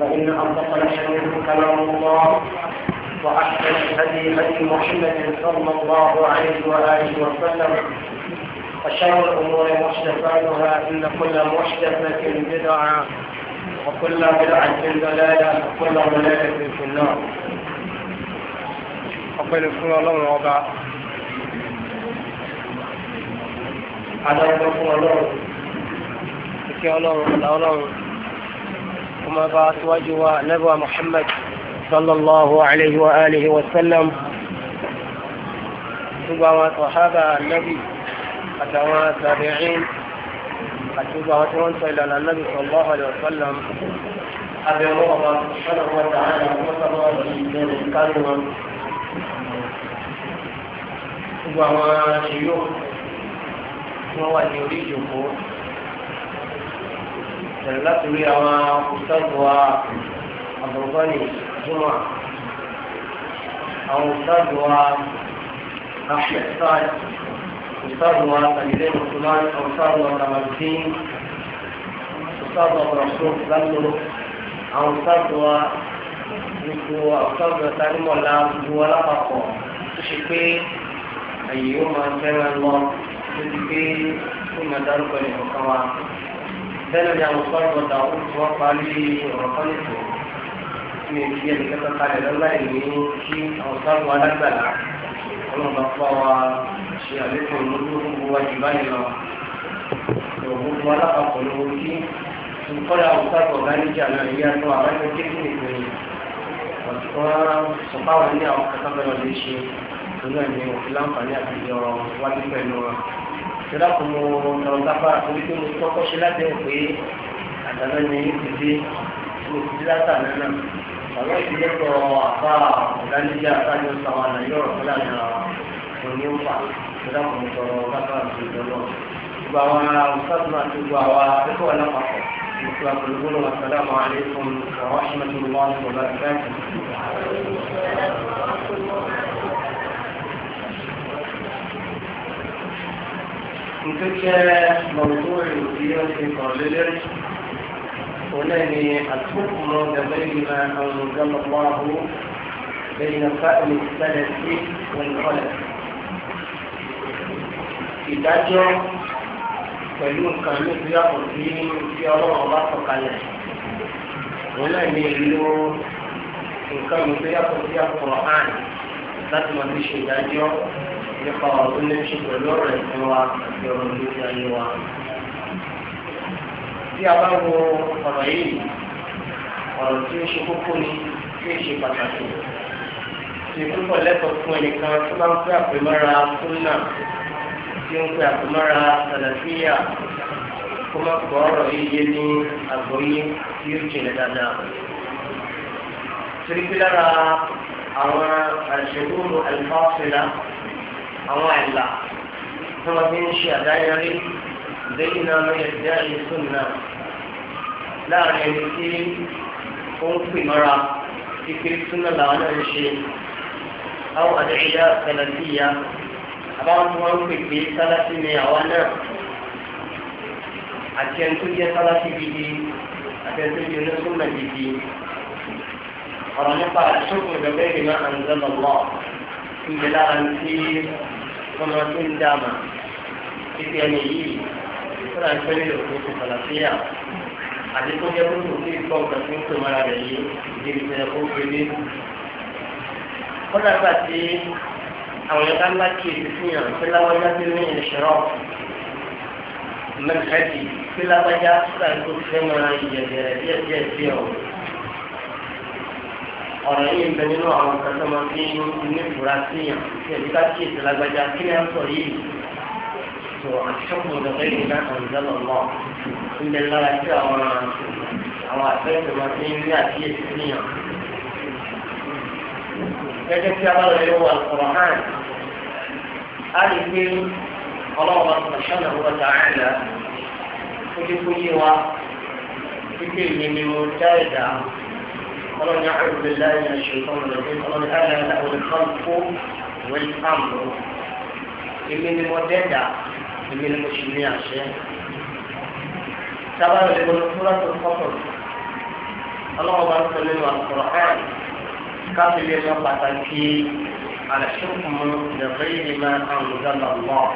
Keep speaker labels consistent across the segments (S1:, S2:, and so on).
S1: فإن أصدق الحديث كلام الله وأحسن الهدي هدي محمد صلى الله عليه وآله وسلم وشر الأمور محدثاتها إن كل محدثة بدعة وكل بدعة ضلالة وكل ضلالة في النار. أقبل الصلاة الله الوضع
S2: على رسول الله.
S1: Thank أما بعد وجه نبوى محمد صلى الله عليه وآله وسلم سبحان صحابة النبي أتوى تابعين أتوى تونس إلى النبي صلى الله عليه وسلم أبي الله سبحانه وتعالى وصلى الله عليه وسلم سبحان شيوخ وهو يريد جمهور bẹ̀rẹ̀ láti rí àwọn òṣèlú wa àbọ̀bọ́nì jùmọ̀ àwọn òṣèlú wa àfẹ́sáì òṣèlú wa àtàlílẹ̀ mùsùlùmí òṣèlú wa tàmàdín òṣèlú wa rọ̀ṣọ́ lásòrò àwọn òṣèlú wa gbogbo òṣèlú wa tànímọ̀lá gbogbo alápapọ̀ tó ṣe pé àyè ó máa fẹ́ràn lọ tó ti gbé fún ìmọ̀dárúkọ ìfọ̀kan wa bẹ́ẹ̀ ni àwọn sọ́ọ̀rọ̀ ọ̀dà ó ti wọ́n parí ọ̀rọ̀ kan nìkan mi ò fi ẹnì kankan kalẹ̀ lọ́la ìní kí àwọn sọ́ọ̀rọ̀ alágbàlá ọlọ́ba fọ́ wa ṣe àlékún lójú gbogbo wa jù báyìí lọ gbogbo alápapọ̀ ló wọ́n kí nkọ́lá òkútàkọ̀ gáníjà náà ìyá tó àbájọ kékeré ìpínlẹ̀ wọ́n sọ̀pá wọn ní àwọn kàtàkọ̀ lọ́dẹ ṣe òun náà ní òfin láǹfààní àti ìjọ wájú pẹ̀lú ìṣẹ́lá kò mọ ọ̀rọ̀ lágbára torí pé mo kọ́kọ́ ṣe láti ẹ̀ pé àdàlẹ́ ni yóò ti dé mo ti dé látà nínú àwọn ìdílé kọ àbá ọ̀dánilé àtàjọ sàwọn àlàyé ọ̀rọ̀ fúlà ní òní ń fà ìṣẹ́lá kò mọ ọ̀rọ̀ lágbára tó lọ lọ. gbogbo àwọn ọ̀sán àti gbogbo àwọn akẹ́kọ̀ọ́ alápapọ̀ nípa pẹ̀lú assalamu alaikum wa rahmatullahi wa barakatuh نتوجه موضوع الوكيلة في قابلة ولاني الحكم بين ما أنزل الله بين فأل السلف والخلف ìdájọ́ pẹ̀lú nǹkan ní ìgbéyàwó tí tí ọlọ́run bá sọ̀kalẹ̀ òun náà ní ìlú nǹkan ìgbéyàwó tí a kọ̀ hàn láti máa fi ṣe ìdájọ́ nípa ọdún ní ṣe pẹ̀lú ọ̀rọ̀ ẹ̀sìn wa àti ọ̀rọ̀ lórí ayé wa. Tí a bá wo ọ̀rọ̀ yìí, ọ̀rọ̀ tí ó ṣe kókó ni tí ó ṣe pàtàkì. Ṣé púpọ̀ lẹ́kọ̀ọ́ fún ẹnìkan tó bá ń pẹ́ àpèmọ́ra Súnà tí ó ń pẹ́ àpèmọ́ra Sàlàfíà kó má pọ̀ ọ̀rọ̀ yìí yé ní àgbọ́yé tí ó jìnà dáadáa. Torí pé lára àwọn àṣẹ̀wòrò àlùfáà fẹ́lá àwọn àìlà tí wọ́n fi ń ṣe àdáyẹrí lẹ́yìn náà lọ́yẹ̀ sí àyè sùnà láàrin ẹni tí ó ń pè mọ́ra kékeré sùnà làwọn náà ń ṣe àwọn àdáyẹyà kàlàdíyà àbáwọn tí wọ́n ń pè pé sálásí ni àwa náà àti ẹni tó jẹ́ sálásí gidi àti ẹni tó jẹ́ onísùnà gidi ọ̀rọ̀ nípa àṣùkùn ìdọ̀gbẹ́rì náà àǹzẹ́lọ́lọ́ ìgbélára ti ọmọ tó ń dá mà títí ẹni yìí fúnra ń pẹ́lẹ́ lò fún ìfàlàfíà àti tó jẹ́ kó tó fi gbọ́ nǹkan tó ń tó mara rẹ̀ yìí ìdíbi tó yẹ kó kọ́dà gbà tí àwọn ẹ̀ka ńlá kí èsì fún yàn pé tó ní ìṣòro mẹ́tẹ́ẹ̀tì pé fúnra tó fẹ́ mara ìyẹ̀dẹ̀ díẹ̀díẹ̀ ọ̀rọ̀ yìí ń bẹ nínú àwọn nǹkan tó máa fi ní ìfura síyàn ṣèlú ká kí ètò lágbájá kí ni à ń sọ yìí tó àṣọ́kùn lọ́gbẹ́ yìí náà kàn jẹ́ lọ́wọ́ ń bẹ lára sí àwọn àwọn àfẹ́yìn tó ní àkíyèsí síyàn. gẹ́gẹ́ tí a bá lọ yóò wà lọ́kọ̀ọ̀ hàn á lè gbé ọlọ́wọ́ bá sọ̀rọ̀ wọ́n ta àìlá ó dé wa kíkẹ́ ìyẹn ni mo dá ẹ̀dá قالوا نعوذ بالله من الشيطان الرجيم قالوا ألا له الخلق والأمر èmi ni mo dẹ́dà èmi ni mo sì ní àṣẹ sábàá lè wọlé fúlọ́tò kọ́tò ọlọ́wọ́ bá ń sọ nínú àkùrọ̀ ẹ̀ káfíń lè lọ pàtàkì àlàṣùkùmù lẹ́fẹ́ yìí máa ń lọ́dọ̀ lọ́wọ́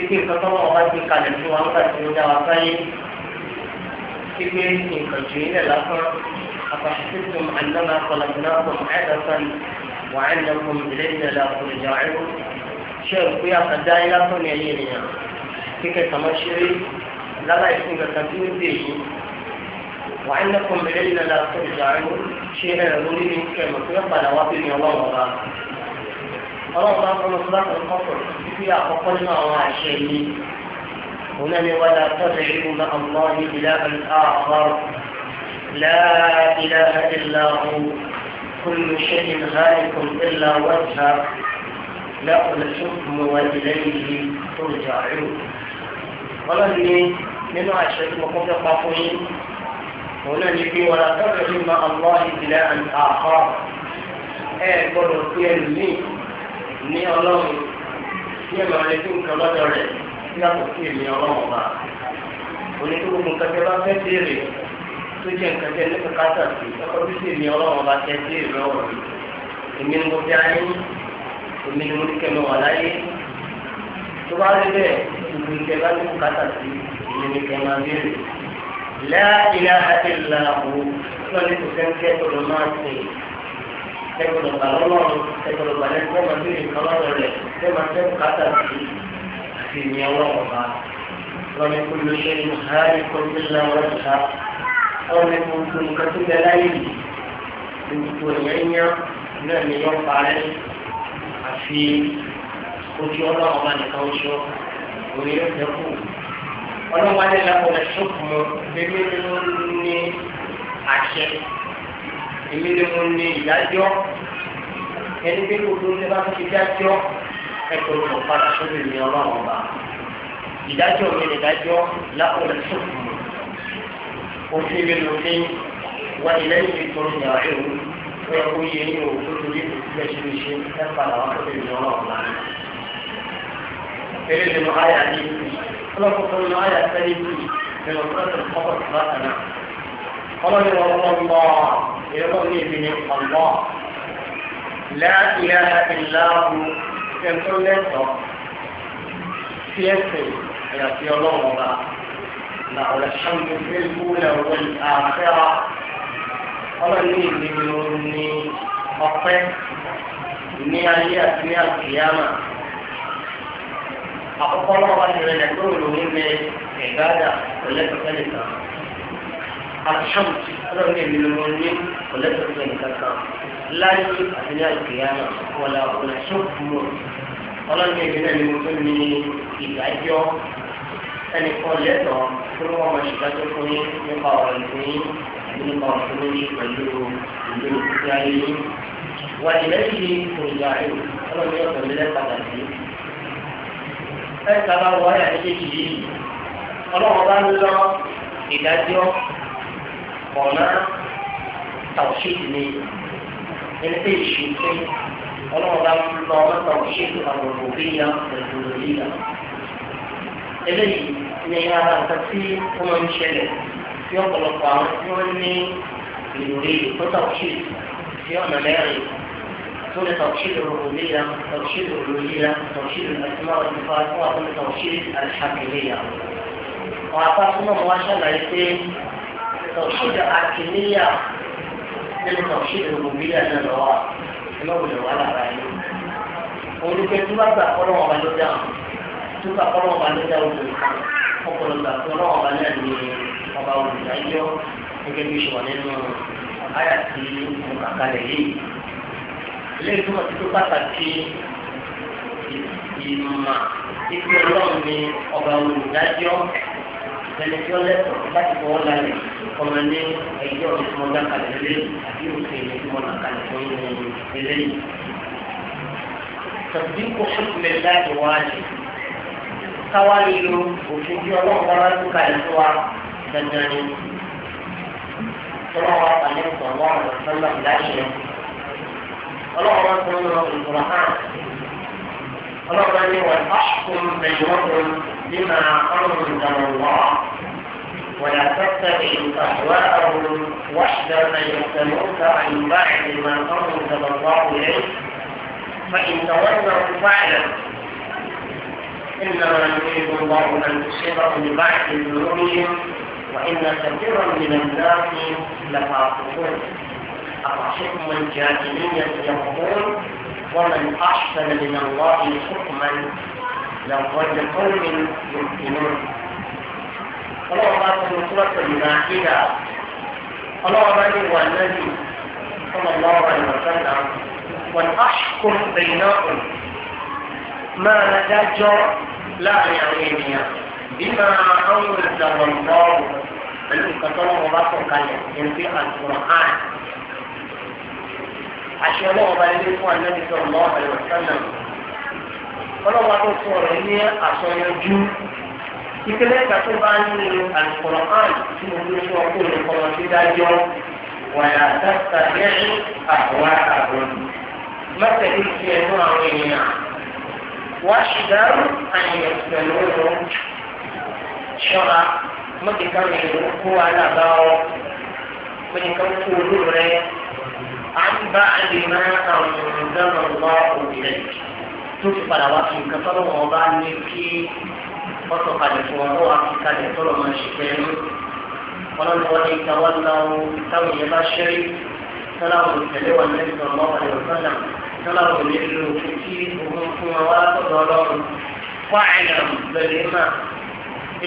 S1: ipe ìtọ́tọ́ wọn bá gbé kalẹ̀ fún wa nígbà tí ó dá wa sáyé ipe nǹkan jù nílẹ̀ lásán. أفحسبتم أنما خلقناكم عبثا وأنكم إلينا لا ترجعون شيخ فيها قدائي لا تنعيني كيف تمشي لا لا يكون كثير به وأنكم إلينا لا ترجعون يقولون يقولي من كلمة يقبل وطني الله وراء الله وضع مصدق القصر فيها أقل الله هو هنا ولا تدعوا مع الله إلها آخر لا إله إلا هو كل شيء هالك إلا وجهه له الحكم وإليه ترجعون ولن من عشرة مقوطة قفوين هنا نبي ولا تبعي مع الله إلى أن آخر أي قول فيه لي ني الله يما لكم كمدر يا مكين يا رمضان ونكون مكتبات كثيرة tó jẹ́ nǹkan jẹ́ ní kàkàtà sí ọkọ̀ bí sì ní ọlọ́run bá tẹ́ sí ìlú ọ̀rọ̀ mi èmi ni mo bí ayé èmi ni mo ní kẹ́mi wà láyé tó bá rí bẹ́ẹ̀ gbogbo ìkẹ́ bá ní kàkàtà sí èmi ni kẹ́ máa béèrè láìlá àtẹlá òwò náà ní kò sẹ́ńkẹ́ ọ̀dọ̀ máa sìn ẹgbẹ̀rún ọ̀gá lọ́wọ́ ẹgbẹ̀rún ọ̀gá lẹ́yìn wọ́n máa ń bèèrè kan lọ́wọ́ rẹ̀ ṣé máa fẹ́ bùkátà sí ìyẹn ọlọ́wọ́ bá lọ́ni kúlóṣẹ́ ní hàrí kọ́ńtínlá wọ́n ti ha ọmọ ẹ̀mọ nǹkan tó bẹ láyé yìí gbogbo ẹ̀yẹ́ yá náà ni yọ parẹ́ àfi ojú ọlọ́run ọba nìkan oṣù òye yóò fẹ́ kú. ọlọ́run wá nílẹ̀ ọmọ ẹ̀ṣọ́kù mọ́ bébí ni mo ní àṣẹ èmi ni mo ní ìdájọ́ ẹni pé gbogbo ní bá fi dájọ́ ẹ̀kọ́ ló padà sóbì ọlọ́run ọba ìdájọ́ mi ìdájọ́ lápò ẹ̀ṣọ́kù mọ́ òfin lè lòfin wá ilé ìfi tó ń yàrá ìlú ó yẹ kó yẹ ní òwò tó torí ìfẹ́ ṣe ṣe ẹ padà wá tó lè yọ ọ̀rọ̀ náà. Eré lè mọ àyà ní ìlú. Ọlọ́kọ̀ tó lọ àyà sẹ́yìn ìlú nínú pẹ́sẹ̀ ọkọ̀ tó bá kàná. Ọlọ́run wọn wọ́n mọ́ ìrọ́lọ́ ní ìbí ní ọ̀gbọ́. Láàkìlá ìlàbù ẹ̀ńtọ́ lẹ́tọ̀ọ́ sí ẹ̀sìn ẹ̀yàfi ọlọ́run ọba. له الحمد في الأولى والآخرة من بمني أطف من أيات من القيامة أقول الله أن نقول من عبادة وليس ذلك الحمد من بمني وليس ذلك لا يجب أثناء القيامة ولا الحكم أمني بمني مسلمي إذا ẹnìkan lẹ́tọ̀ọ́ tó ní wọ́n máa ṣèdájọ́ fún yín nípa ọ̀rọ̀ ìpín yín nípa ọ̀sùn lórí pẹ̀lú ìlú ìpínlẹ̀ ayé yín. wà ìrẹsì kò ìjà ẹ̀rù ọlọ́run yóò tẹ̀lé lẹ́pàdà sí. ẹ̀ka bá wọ ayà méjèèjì yìí ọlọ́run bá ń lọ ìdájọ́ ọ̀nà tàwọ̀ṣẹ́ẹ̀tì ni ẹni pé ìṣòfin ọlọ́run bá ń lọ ọ̀nà tàwọ̀ṣẹ́ẹ̀tì àwọn òbí yá pẹ̀lú òbí yá ní ara nǹkan tí wọ́n máa ń ṣẹlẹ̀ tí ọ̀pọ̀lọpọ̀ àwọn tí wọ́n ní ìròyìn ìkọ́tà òṣèlú tí ọ̀nà mẹ́rin دون توحيد الربوبية توحيد الألوهية توحيد الأسماء والصفات وأقول توحيد الحاكمية وأعطاكم مباشرة لأيتين توحيد الحاكمية من توحيد الربوبية للرواء المولى ولا رأيه ولكن تبقى أقول وغلو دعم nígbà kọ́ lọ́wọ́ bá ní ẹ̀dá òkè kan ọ̀pọ̀lọpọ̀ gbà pé ọlọ́wọ́ bá ní ẹ̀dá ọba olùdájọ́ gẹ́gẹ́ bí ìṣòwò nínú àyà tí mo kà kalẹ̀ yìí. ilé ìtumọ̀ ti tó pàtàkì ìmọ̀ ìpè ọlọ́run ní ọba olùdájọ́ ẹni tí ó lẹ́tọ̀ọ́ láti fọwọ́ lálẹ́ ọmọ ní ẹjọ́ ìtumọ̀dá kalẹ̀ lé àbí òfin ìtumọ̀dá kalẹ̀ fún ìlú eléyìí. tàbí kò fún mi láti wáyé. káwá lè lo òfin tí ọlọ́run bá máa ń kà ní fún wa dandan ni. Tọ́lá wa pàdé ìtọ̀wọ́ àwọn sọ́nà ìdáṣẹ́. Ọlọ́run máa ń tọ́ lọ ìtura hàn. Ọlọ́run máa ń ní wọ́n fáṣkùn bẹ̀yìnwọ́kùn nínú ọlọ́run ìdàmọ̀ wọ́. ولا تتبع أهواءهم وحدا من يسألوك عن بعد ما أنزل الله إليك فإن تولوا فاعلم إنما يريد الله أن يصيبهم ببعض ذنوبهم وإن كثيرا من الناس لفاقدون أفحكم الجاهلية يقول ومن أحسن من الله حكما لقد قوم يمكنون الله من سورة المائدة الله من والنبي صلى الله عليه وسلم والأحكم بينكم ما نتاجر láàrin àwọn ènìyàn nígbà àwọn olùdàgbọ̀n bọ́ọ̀lù pẹ̀lú nǹkan tó lọ́wọ́ bá sọ kalẹ̀ ní pé àtúrọ̀ hàn. àṣẹ ọlọ́wọ́ bá ilé fún àjọyọ̀ sọ̀rọ̀ lọ́wọ́ àlẹ́ ọ̀sánà ọlọ́wọ́ tó sọ̀rọ̀ ní àsọyọjú ìpínlẹ̀ ìgbà tó bá ń lo àtúrọ̀ hàn tí mo ló sọ pé olùkọ́lọ́ ti dájọ́ wàyà dáta lẹ́yìn àwa àbọ̀ mọ́tẹ̀lẹ́ واحذر أن يسألوه شرع مدكم هو على باو مدكم فولور عن بعد ما أنزل الله إليك تكفى لواتي كفر وضعني في وصف لفوضوع في كان يطلب من شكرين ولن ولي تولوا توي بشري سلام النبي صلى الله عليه وسلم tọ́lọ́run lè lo kí òun fún ọ wá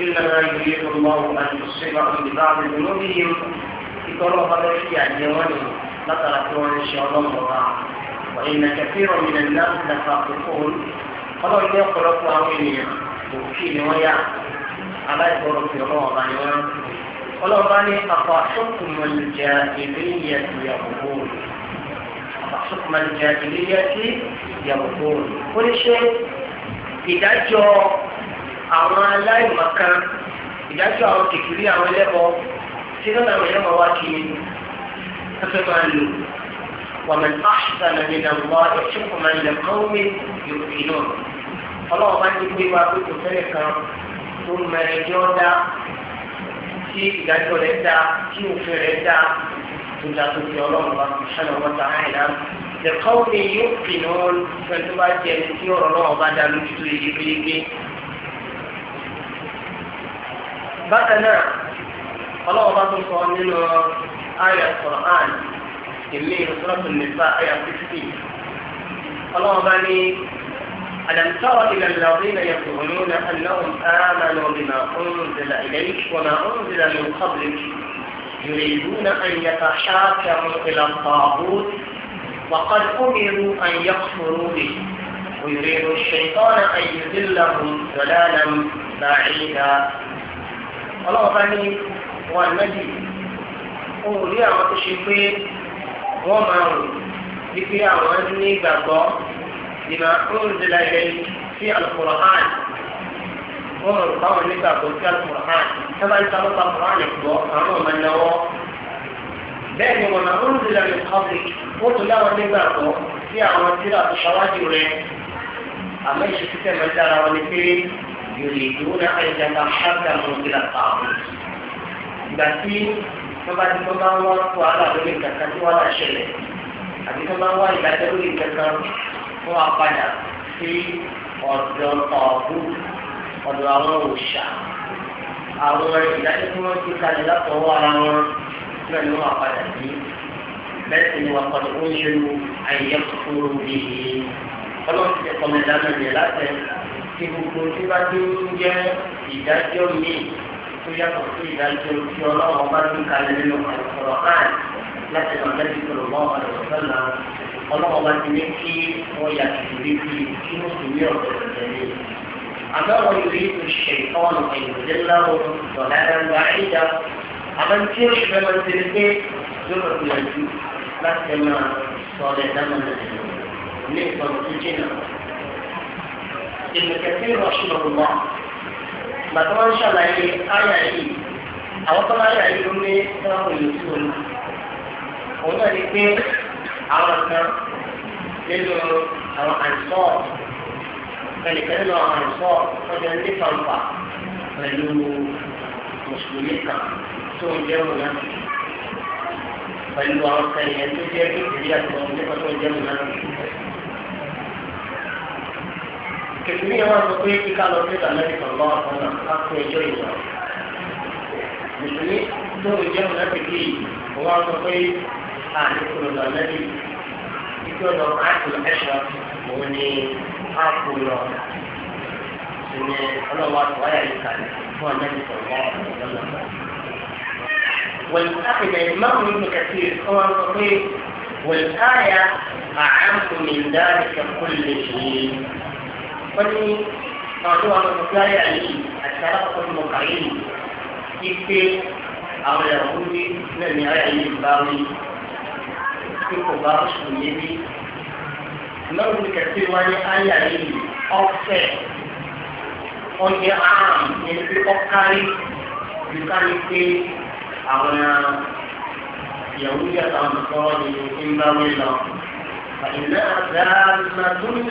S1: إنما يريد الله أن يصيبهم ببعض ذنوبهم يقولوا هذا في عجوانه لتركوه إن شاء الله وراء وإن كثير من الناس لفاقفون فلو اللي يقول لكم أمين وكيل ويا على يقولوا في الله عنوان قالوا بني أفحكم الجاهلية يقول حكم الجاهلية يقول كل شيء ìdájọ́ àwọn aláìmọ̀kan ìdájọ́ àwọn kékeré àwọn ẹlẹ́bọ tí lọ́nà àwọn ẹlẹ́bọ wá kí ẹfẹ́ máa lò wọ́n mẹ́ta àṣìṣàlẹ̀ nínú àwọn ẹ̀ṣẹ́kùn máa lẹ̀ kọ́wé yòókì náà ọlọ́wọ́ bá ti gbé wa pé kò fẹ́rẹ̀ kan tó mọ ẹjọ́ dá tí ìdájọ́ rẹ̀ dá tí òfin rẹ̀ dá ìdàtò ti ọlọ́run bá fi ṣẹlẹ̀ wọ́n ta àìlá ẹ̀kọ́ ni yóò fi ní wọn pẹ̀lú bá jẹ ẹni tí ọ̀rọ̀ náà bá dá lójú tó yẹ gbégbé. bákan náà ọlọ́run bá tó sọ nínú àyà sọ̀rọ̀ àn èmi ìrọ̀sọ́rọ̀tò nípa àyà fífì ọlọ́run bá ní ألم تر إلى الذين يقولون أنهم آمنوا بما أنزل إليك وما أنزل من قبلك يريدون أن يتحاكموا إلى الطاغوت وقد أمروا أن يكفروا به ويريد الشيطان أن يذلهم ضلالا بعيدا الله غني والنبي قول يا متشفين ومن ذكر عن بما أنزل إليه في القرآن wọn rọrùn báwọn nígbà tó ń kálù mùrán sábà ń sábà mùrán yẹn gbọ́ àwọn ọmọ ìnáwó bẹ́ẹ̀ ni wọn náà ó ń zìlà ní public ó tún láwọn nígbà tó sí àwọn tíra tó ṣáwájú rẹ àmọ́ ìṣe títẹ̀ máa dára wọn ni pé yòlè tó ń náà ẹ̀jẹ̀ náà ṣáàtà mọ̀ nígbà pààrọ̀ ìgbà tí wọ́n bá ti tó bá ń wá tí wàhálà ṣẹlẹ̀ àti tó bá ń wá ọ̀dọ̀ àwọn òòṣà àwọn ìdájọ́ tí wọ́n ti kalẹ̀ látọwọ́ ara wọn náà ni wọ́n padà sí bẹ́ẹ̀ sì ni wọ́n padà ó ń ṣe lu àyè kúrò bíi ọlọ́run ti kọ́mọ ìdáná yẹn láti ti gbogbo tí bá ti ń jẹ́ ìdájọ́ míì tó yàtọ̀ sí ìdájọ́ tí ọlọ́run bá ti kalẹ̀ nínú ọ̀rọ̀ hàn láti lọ́ọ́ lẹ́bi sọ̀rọ̀ mọ́ ọ̀rọ̀ sọ́nà ọlọ́run bá ti ní kí wọ́n yà kìkìrì bíi kí mùsùlùmí ọ̀rọ̀ tẹ̀lé أمر يريد الشيطان أن يضلهم ضلالا بعيدا أمن تيرش بمن تلقيت زمر من الجوع لكن صالح من نقدر تجينا ابن كثير رحمه الله ما ترى إن شاء الله آية هي أو طبعا آية هي من تراه يسون هنا الاثنين عرفنا لأنه أنصار ẹnìkan nínú àwọn àìsọ ọjọ́ ní fanfa pẹ̀lú mùsùlùmí kan tó ń jẹ́ múná pẹ̀lú àwọn kẹyìn tó jẹ́ kékeré àtọ̀ nípa tó ń jẹ́ múná. kẹsìmí yẹn wá sọ pé kíkà lọ sí ìdàlẹ́ ìkànnì ọ̀sán náà á kó ẹjọ́ ìwà mùsùlùmí tó ń jẹ́ múná kékeré wọ́n wá sọ pé àdékùnrin lọ́lẹ́bí ìjọba àti ẹ̀ṣọ́ òun ni. حق الله ان الله تعالى يسال هو النبي صلى الله عليه وسلم والأخذ الإمام ابن كثير هو الصحيح والآية أعم من ذلك كله وفي موضوع المطلع عليه الترقب المقعين كيف أو يهودي لم يعي الباوي كيف بارش من يدي lọ́rùn ní kẹ̀kẹ́ wá ní àyà yìí ọ̀fẹ́ ọ̀jẹ̀ àrùn yẹn pé ọ̀kárí ìkárí pé àwọn ìyàwó yàtọ̀ àmọ̀tọ́ ni ń bá wí lọ. فإنها دامة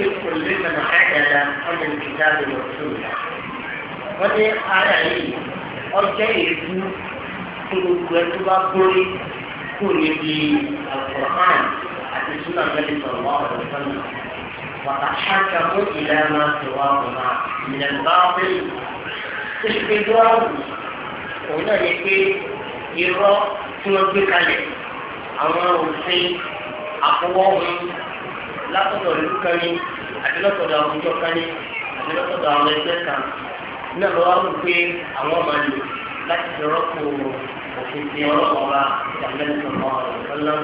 S1: لكل من عدل عن الكتاب والسنة. وفي آية هي ọjọ́ èébú tó gbogbo ẹ tó bá gbórí kò níbi àkùrán àti súnà mẹ́rin sọ̀rọ̀ wà wọ̀lẹ̀ sọ́nà wàtàkàkàkọ́ ìlà máa ti wà wọ̀nà ìyẹn bá wẹ̀ tó ṣe pé tó àwù òun náà ní pé irọ́ tí wọ́n gbé kalẹ̀ àwọn òfin àfọwọ́hun látọ̀dọ̀ ìlú kan ní àti lọ́tọ̀dọ̀ àwùjọ kan àti lọ́tọ̀dọ̀ àwọn ẹgbẹ́ kan náà lọ́wọ́ wù pé àwọn máa lò láti fi rọ́pò òfin ti ọlọ́pàá ọba ìjàmbá ìjọba ọ̀rọ̀ ọ̀lọ́run.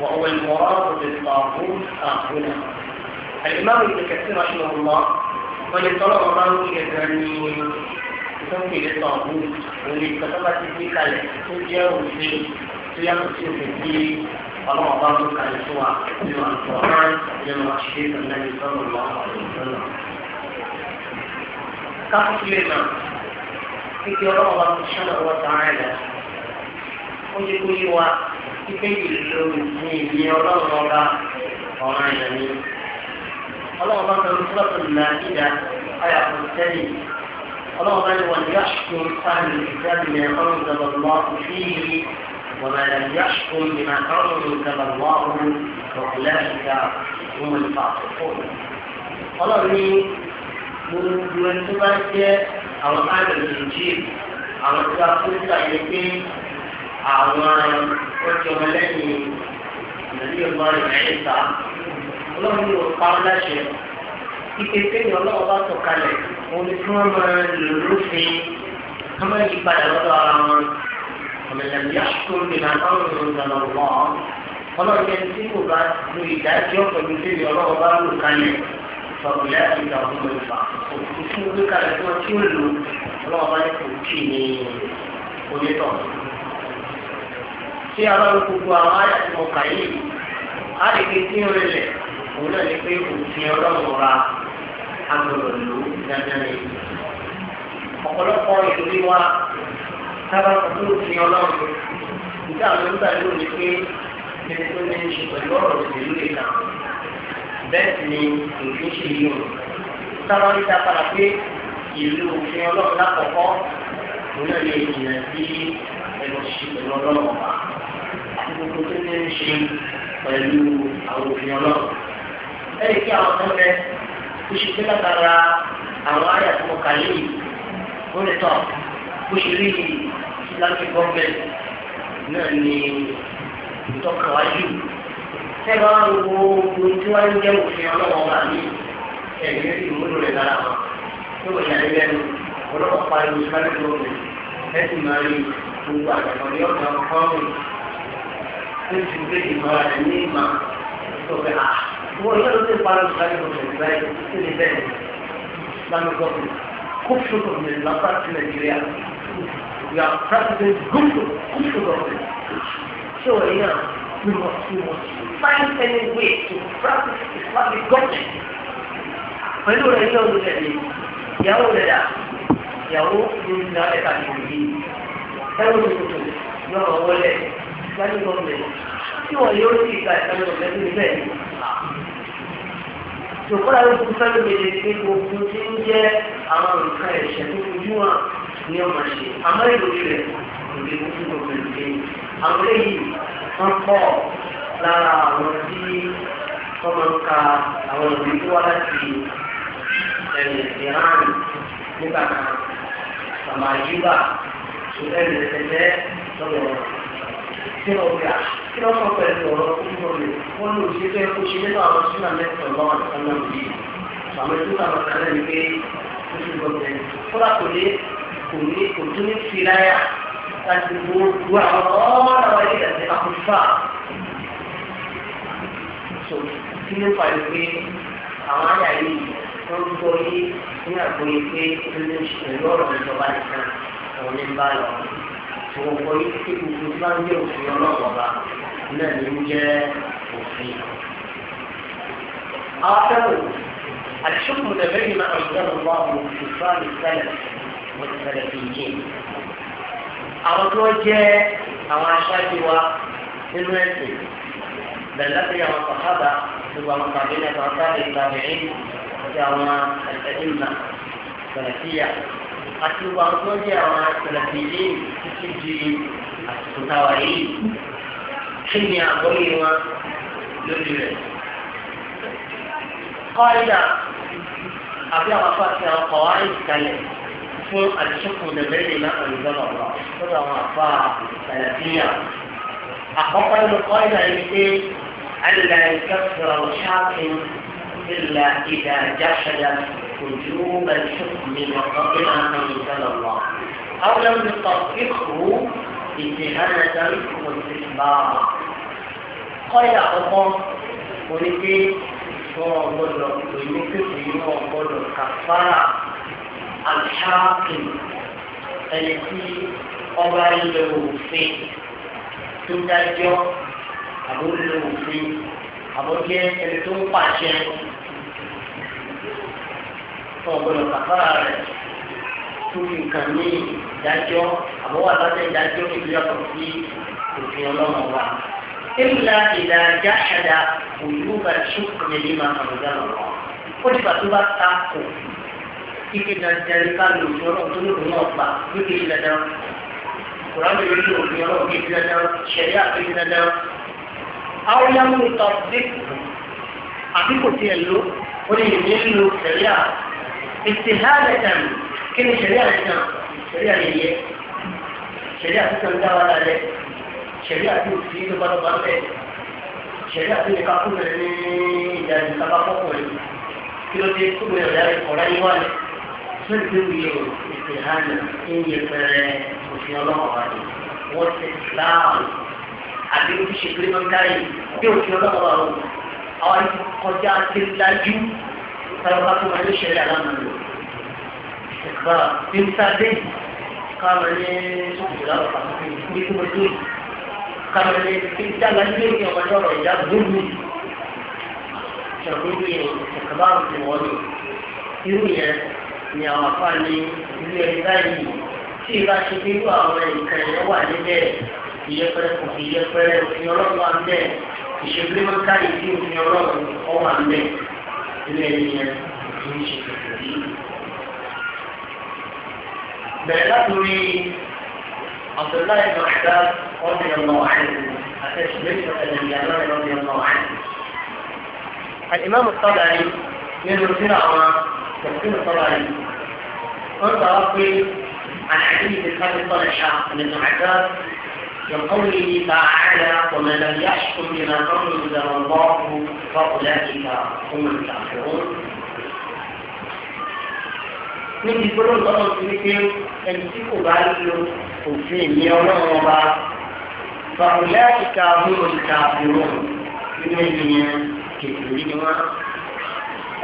S1: وهو المراد بالطاغوت هنا الإمام ابن كثير رحمه الله ولطلب معه يزنين تسمي للطاغوت واللي كتبت في كالة سوريا وفي سوريا وفي الله أعطاك كان يسوع من القرآن من رشيد النبي صلى الله عليه وسلم لنا في الله سبحانه وتعالى ويقول kíké ìlú ní ìní ọlọ́run ọba ọ̀ràn ìyàní. ọlọ́run bá fẹ́ lọ́pọ̀ nà ìdá ayà kò tẹ́lẹ̀. ọlọ́run bá ní wọn yá ṣùkún sáàmì ìdábìlẹ̀ ọlọ́run gbọdọ̀ lọ́wọ́ sí i وما لم يحكم بما قالوا كما الله فأولئك هم الفاسقون. قالوا لي gbogbo ẹni tó bá jẹ́ àwọn àgbẹ̀ ìjì àwọn tí a fún ìgbà yẹn pé àwọn ọjọ́ lẹ́yìn ìrírí ọmọrin ẹ̀ẹ́ta ọlọ́run yóò pa ọ́ láṣẹ ike kéèyàn ọlọ́run bá sọ kalẹ̀ òun ni kí wọ́n máa lò lófin kí wọ́n máa yí padà lọ́dọ̀ ara wọn ọ̀mẹ̀lẹ̀mí àtúndì náà báwọn ọ̀run ìgbàlọ́ wọ́ ọlọ́run yẹn tí kò bá lo ìdájọ́ pẹ̀lú kéèyàn ọlọ́run bá lò kalẹ̀ sọ̀rọ̀lẹ́ ìgbà ọ̀hún ìfà òkú tí wọ́n gbé kalẹ̀ tí wọ́n tí ó lò ọlọ́run bá ní kò kì í ní onítọ̀ọ̀ tí a bá ń gbogbo àwọn ayé àti ọkà yìí á lè fi tí ń rẹlẹ̀ òun náà ní pé òfin ọlọ́run ra agbọ̀dọ̀ lò ó dandan ni. ọ̀pọ̀lọpọ̀ ìrírí wa sábà pẹ̀lú òfin ọlọ́run ìdí àwọn nígbà yóò ní pé ẹni tó ní í ṣe pẹ̀lú ọ̀rọ̀ ìlú ìlà bẹ́ẹ̀ sì ni òfin ṣe yí òun. sábà ń ta pé ìlú òfin ọlọ́run lákọ̀ọ́kọ́ òun náà lè jìnnà sí ẹnu ṣe ọlọ́run wa gbogbo tó ní ṣe pẹ̀lú àwọn òfin ọlọ́run. ẹ̀rí kí àwọn ọmọ rẹ kó ṣe pé látara àwọn àyà tó mọ̀ká yìí ó lè tọ̀ kó ṣe rí islamic government náà ní ìtọ́kàwájú. ẹ̀rọ àwọn ohun tí wọ́n ń jẹ́ òfin ọlọ́run wà ní ẹ̀rí ìmúlò rẹ̀ lára wọn. tó wọ́n yà lẹ́nu ọlọ́run pariwo islamic government ẹ̀sìn máa rí gbogbo àgbàkan ní ọ̀gá ọkọ̀ ọ̀hún ní ti gbé ìmọ̀ rẹ̀ ní ìmọ̀ tó fẹ́ à. Wọ́n yóò lọ sí ìparí ọ̀sán láti ọ̀sẹ̀ ìgbà yìí sí ní bẹ́ẹ̀ Islamic government. Kúfù government la practice Nigeria. We are practicing Kúfù Kúfù government. So yeah, we must we must find any way to practice Islamic government. Pẹ̀lú rẹ̀ yóò lọ sẹ́yìn. Ìyàwó rẹ̀ dà. Ìyàwó ló ń da ẹ̀ka ìròyìn. Ẹ̀rọ tuntun yóò wọlé islamic government tí wọ́n yóò ti ka islamic government níbẹ̀. Ìjọba yóò fún islamic government pé gbogbo tí ń jẹ́ àwọn nǹkan ẹ̀ṣẹ̀ tó fojú wọn ni ọmọ ṣe. Àmọ́ ìròyìn rẹ̀ kò lè fún government pé àwọn eléyìí wọ́n pọ̀ lára àwọn tí wọ́n máa ń ka àwọn òbí tó wá láti eh, Iran nígbà kan. Sàmàjúbà, Sùdẹ́ẹ̀lì ẹ̀sẹ̀ sínú ọ̀gá kí wọ́n kọ́ pẹ̀lú ọ̀rọ̀ nínú rẹ̀ wọ́n lò sí pé kó ṣe nínú àwọn sínú mẹ́sàn-án lọ́wọ́ àtàlọ́ yìí àwọn ìdúrà mọ̀tàlẹ́ ni pé ó ti gbọ́dọ̀ kódà kò ní kò ní kò tún ní fi láyà láti gbogbo àwọn ọmọ àwọn ilé àti akọ̀fà so kí ló fà ní pé àwọn àyà yìí òun kọ ní pé gbogbo bá ń jẹ òfin ọlọ́wọ́ bá náà ní ń jẹ òfin. àwọn akẹ́kọ̀ọ́ الحكم لبين ما أنزل الله من كفار السلف والسلفيين àwọn tó jẹ́ àwọn aṣáájú wa nínú ẹ̀sìn lẹ́lẹ́sìn àwọn sàhábà gbogbo àwọn pàdé ní àtàwọn sáré ìtàbí ẹ̀yìn àti àwọn ẹ̀sìn náà sọ̀rọ̀ síyà àti gbogbo àwọn tó ń jẹ́ àwọn àtìlẹ́yìn títí di àsìkò táwa yìí kí ni àgbọ́yé wọn lórí rẹ̀. kọ́ńdà àbí àwọn afáàfin àwọn kọ̀wá ìkàlẹ̀ fún àdìsẹ́kù lẹ́bẹ̀rẹ̀ náà ọ̀lùdọ́nà ọ̀rọ̀ lọ́dọ̀ àwọn afá àyàfíyà. àkọ́kọ́ nínú kọ́ńdà yìí pé àlẹ́ ìkẹ́fẹ́ ọ̀ṣáàfin ìlà ìdá àjáṣẹ́yà وجوب الحكم وقطع ما انزل الله او لم يطبقه اجتهادا واستكبارا قال عمر ولكي هو غلط ويمكن هو غلط كفاره الحاكم التي ọba lílo òfin tó dájọ́ àbó lílo òfin àbó jẹ́ ẹni ọ̀gbọ́dọ̀ kàfàrà rẹ̀ lórí nǹkan ní ìdájọ́ àbọ̀wọ́ àbájá ìdájọ́ ìlú ọkọ̀ sí òfin ọlọ́run wa. إلا إذا جحد وجوب الشكر لما أنزل الله. قلت بطلب تاكو. Ike dandali ká lò fún ọlọ́run tó lòdùn náà gbà wípé ilẹ̀ dáná. Kùránì yóò lò fún ọlọ́run bíi ilẹ̀ dáná. Ṣẹ̀rí àti ilẹ̀ dáná. Àwọn yàrá tọ́ bí àbí tiẹ̀ lò ó lè nílò ṣẹ̀rí àti استهادة كلمة شريعة الإسلام الشريعة اللي هي شريعة تسلم ده ولا عليه شريعة تفيد برضه برضه شريعة اللي كافو من يعني كافو كل كيلو تيسكو من الدار القرآن وان سنتو يو استهادة إن يفر مسلم الله عليه واستسلام àbí ó ti ṣe pé mọ́tárì bí òfin ọlọ́pàá ọ̀hún àwọn ìkọjá ti lajú طبقات معنى الشريعة لا منه استخبار في مساعدين قام لي سوق جلال وحسنين بيكو بردود قام لي في إنسان غنيين يوم الجور وإجاب ظلمي شرقودي استخبار في الموضوع يروي ni àwọn afá ní ilé ẹgbẹ́ yìí tí ìbá ṣe bí irú àwọn nǹkan ẹ̀yẹ wà níbẹ̀ ìyẹpẹrẹ kò fi ìyẹpẹrẹ òfin ọlọ́run wà níbẹ̀ ìṣèlú mọ́kàlì tí òfin ọlọ́run ọ wà níbẹ̀. إليه يمشي في عبد الله بن عباس رضي الله عنه أتت بنت الإمام رضي الله عنه الإمام الطبري من رسول تفسير الطبري قلت ربي عن حديث الحديث من بن عباس كقوله تعالى ومن لم يحكم بما أنزل الله فأولئك هم الكافرون níbi gbọ́dọ̀ lọ́wọ́ sí wípé ẹni tí kò bá lo òfin ìní ọlọ́run ọba fàmùlẹ́ ìka múlò ìka àbúrò nínú ènìyàn kékeré ni wọ́n.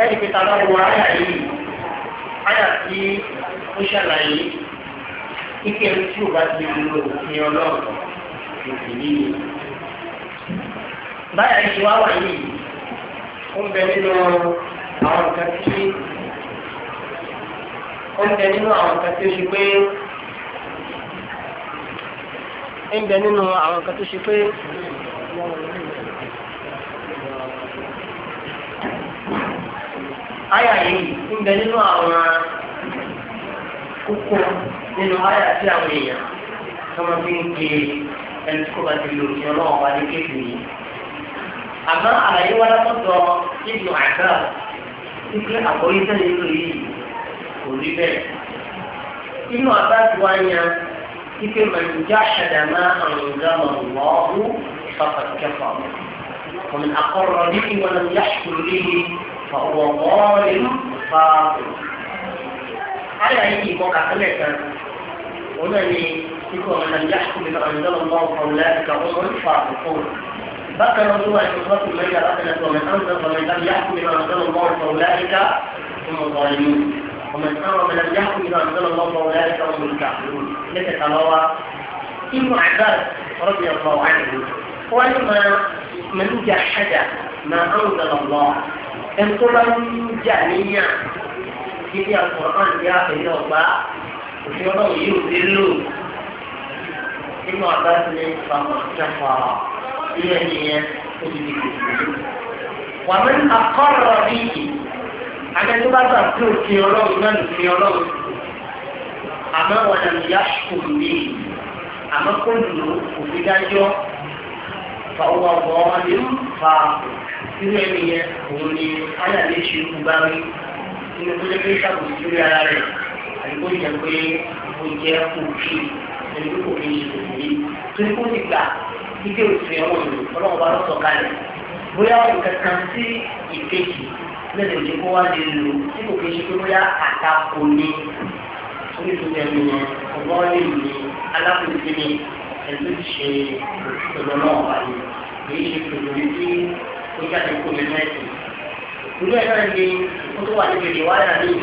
S1: ẹnì pé tàbá wọ àyà yìí àyà tí ó ṣàlàyé ike ẹni tí kò bá ti lo òfin ọlọ́run المسلمين báyà ní wá wà yìí ó ń bẹ nínú àwọn nǹkan tí ó ń bẹ nínú àwọn nǹkan tí ó ṣe pé ń bẹ nínú àwọn nǹkan tó ṣe pé àyà yìí ń nínú àwọn kókó nínú àyà tí àwọn èèyàn tó máa fi ń pe ẹni tí kò bá ti lò ní ọlọ́wọ́ wa ní kéèkì yìí. àmọ́ àlàyé wa látọ̀tọ̀ nínú àgbà wípé àkọ́rí sẹ́yìn ló yìí kò rí bẹ́ẹ̀. inú àbá ti wá yan wípé mànìjà ṣàdàmà àrùn ìdámọ̀ wọ́ọ́rù fàfàkẹ́fà. ومن أقر به ولم يشكر به فهو ظالم فاضل. على أي مقابلة هنا المحقق ومن لم يحكم بما أنزل الله فأولئك هم الفاسقون بكى الرسول عليه الصلاة والسلام قتلت ومن أنزل ومن لم يحكم بما أنزل الله فأولئك هم الظالمون ومن أمر من لم يحكم بما أنزل الله فأولئك هم الكافرون مثل تلاوة ابن عباس رضي الله عنه ولما من جحد ما أنزل الله انقبا جهميا في القرآن يا أخي الله وفي يوم يذلون nínú àbáṣe ìfàmọ̀ ìjọba ilé ìyẹn tó ti di kòkòrò. wà mí akọ́rọ̀ bí i àtẹ́tí bá gbà fi ọlọ́run náà fi ọlọ́run àmọ́ wọn lè yá kòkòrò yìí àmọ́ kó lò òfin dájọ́ fàwọn ọmọ ọmọdé fa irú ẹni yẹn òun ni ayàlẹ́ ṣe kú bá rí nínú kó lè fi ṣàkóso lórí ara rẹ̀ àdìgbò jẹ pé ó jẹ́ òkè ẹni tó kò ní ṣe kò ní torí kó ti gbà ike òfin ọwọ́ ìlú ọlọ́run bá lọ́sọ̀ kalẹ̀ bóyá kankan sí ìkejì lẹ́nu ìdí kó wá lè lò tí kò kí n ṣe pé bóyá àtakò ní oníṣòwò ẹ̀mí yẹn ọgbọ́n lè ní alákòóso ní ẹ̀lú ṣe ìṣòro náà wáyé kì í ṣe pẹ̀lú tí ó jáde kó lè mẹ́sì. Ìlú ẹ̀rọ ni ó tó wà níbi ìwádìí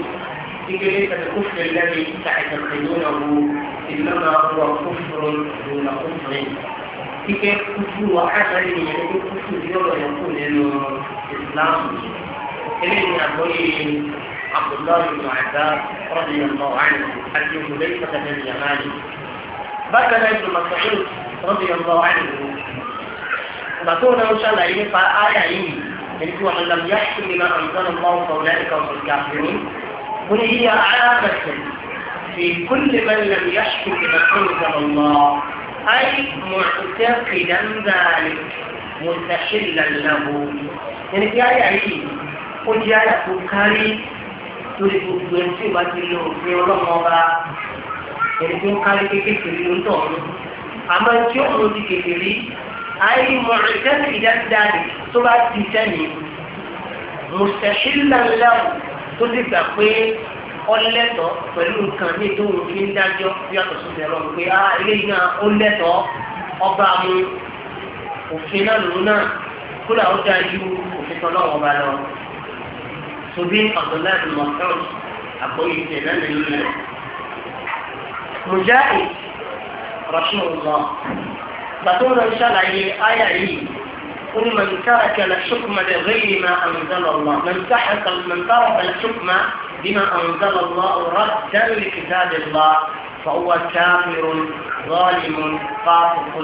S1: تيجي ليس الكفر الذي تعتقدونه انما هو كفر دون كفر تيجي كفر وعمل يعني كفر يوم يكون الاسلام إليه أبوي عبد الله بن عباس رضي الله عنه حديث ليس من اليماني بدل ابن مسعود رضي الله عنه بقول إن شاء الله يبقى آية إن هو من لم يحكم بما أنزل الله فأولئك هم الكافرون وهي هي في كل من لم يشكر بما أنزل الله أي معتقدا ذلك مستحلا له يعني في آية عيد قل يا يفكاري تريد أن تبدل في رمضان يعني في كاري كيكي àmọ́ tí ó mú ti kèfè rí àìrí mọ̀ ìtẹ́sì ìdájáde tó bá ti tẹ́lẹ̀ mùsẹ̀ṣílẹ̀ lẹ́wọ̀n tó sì gbà pé ọlẹ́tọ̀ pẹ̀lú nǹkan ní tó ń fi ń dájọ́ yàtọ̀ sí ìrọ̀ pé á ah, eléyìí náà ó lẹ́tọ̀ ọba mu òfin náà lòun náà kódà ó dáa ju òfin kan náà ọba lọ. Sobi Abdullahi bin Mas'ud àkóyè ìṣẹ̀ náà lè lò Mujahid Rasulullah. Bàtó ń lọ ṣàlàyé áyà yìí. قل من ترك الحكم لغير ما أنزل الله من تحت من ترك الحكم بما أنزل الله ردا لكتاب الله فهو كافر ظالم فاسق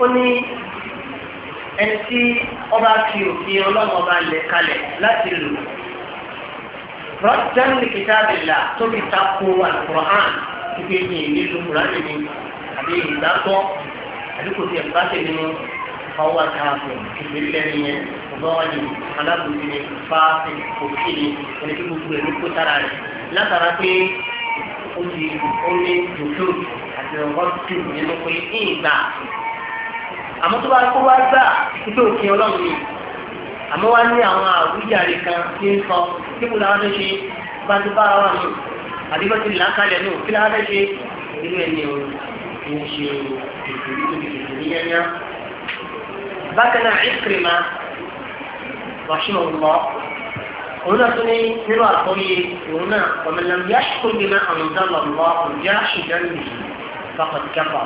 S1: قل أنت أباكي في الله وبالي قلي لا تلو ردا لكتاب الله تبي تقوى القرآن تبيني تقوى القرآن تبي تقوى القرآن تبي fọwọ́ káàpẹ̀ ìgbésẹ̀ nìyẹn ọgọ́wọ́dì alábòsí ni fáàfin òkè ni ẹni tí gbogbo ẹni kó sára rẹ̀ látara pé ó ti ó ní dòdò àti ọgọ́dì nínú pé ìgbà àmọ́ tó bá kó wá gbà títí òkè ọlọ́run ni àmọ́ wá ní àwọn àwùjáde kan tí ń sọ tí kò láwọn fẹ́ ṣe bá ti bára wà nù àbí bá ti là á kalẹ̀ nù kí láwọn fẹ́ ṣe irú ẹni ò ń ṣe ètò ìtòkìtì ní yányá bákan náà ìkìrìmà rọ̀ṣìmọ̀ lọ òun náà tún ní nínú àkọ́yé òun náà ọ̀mọ̀lẹ́m yá ṣùkúrú náà àmúdá lọ lọ òjá ṣùgbọ́n mi bákan jábọ̀.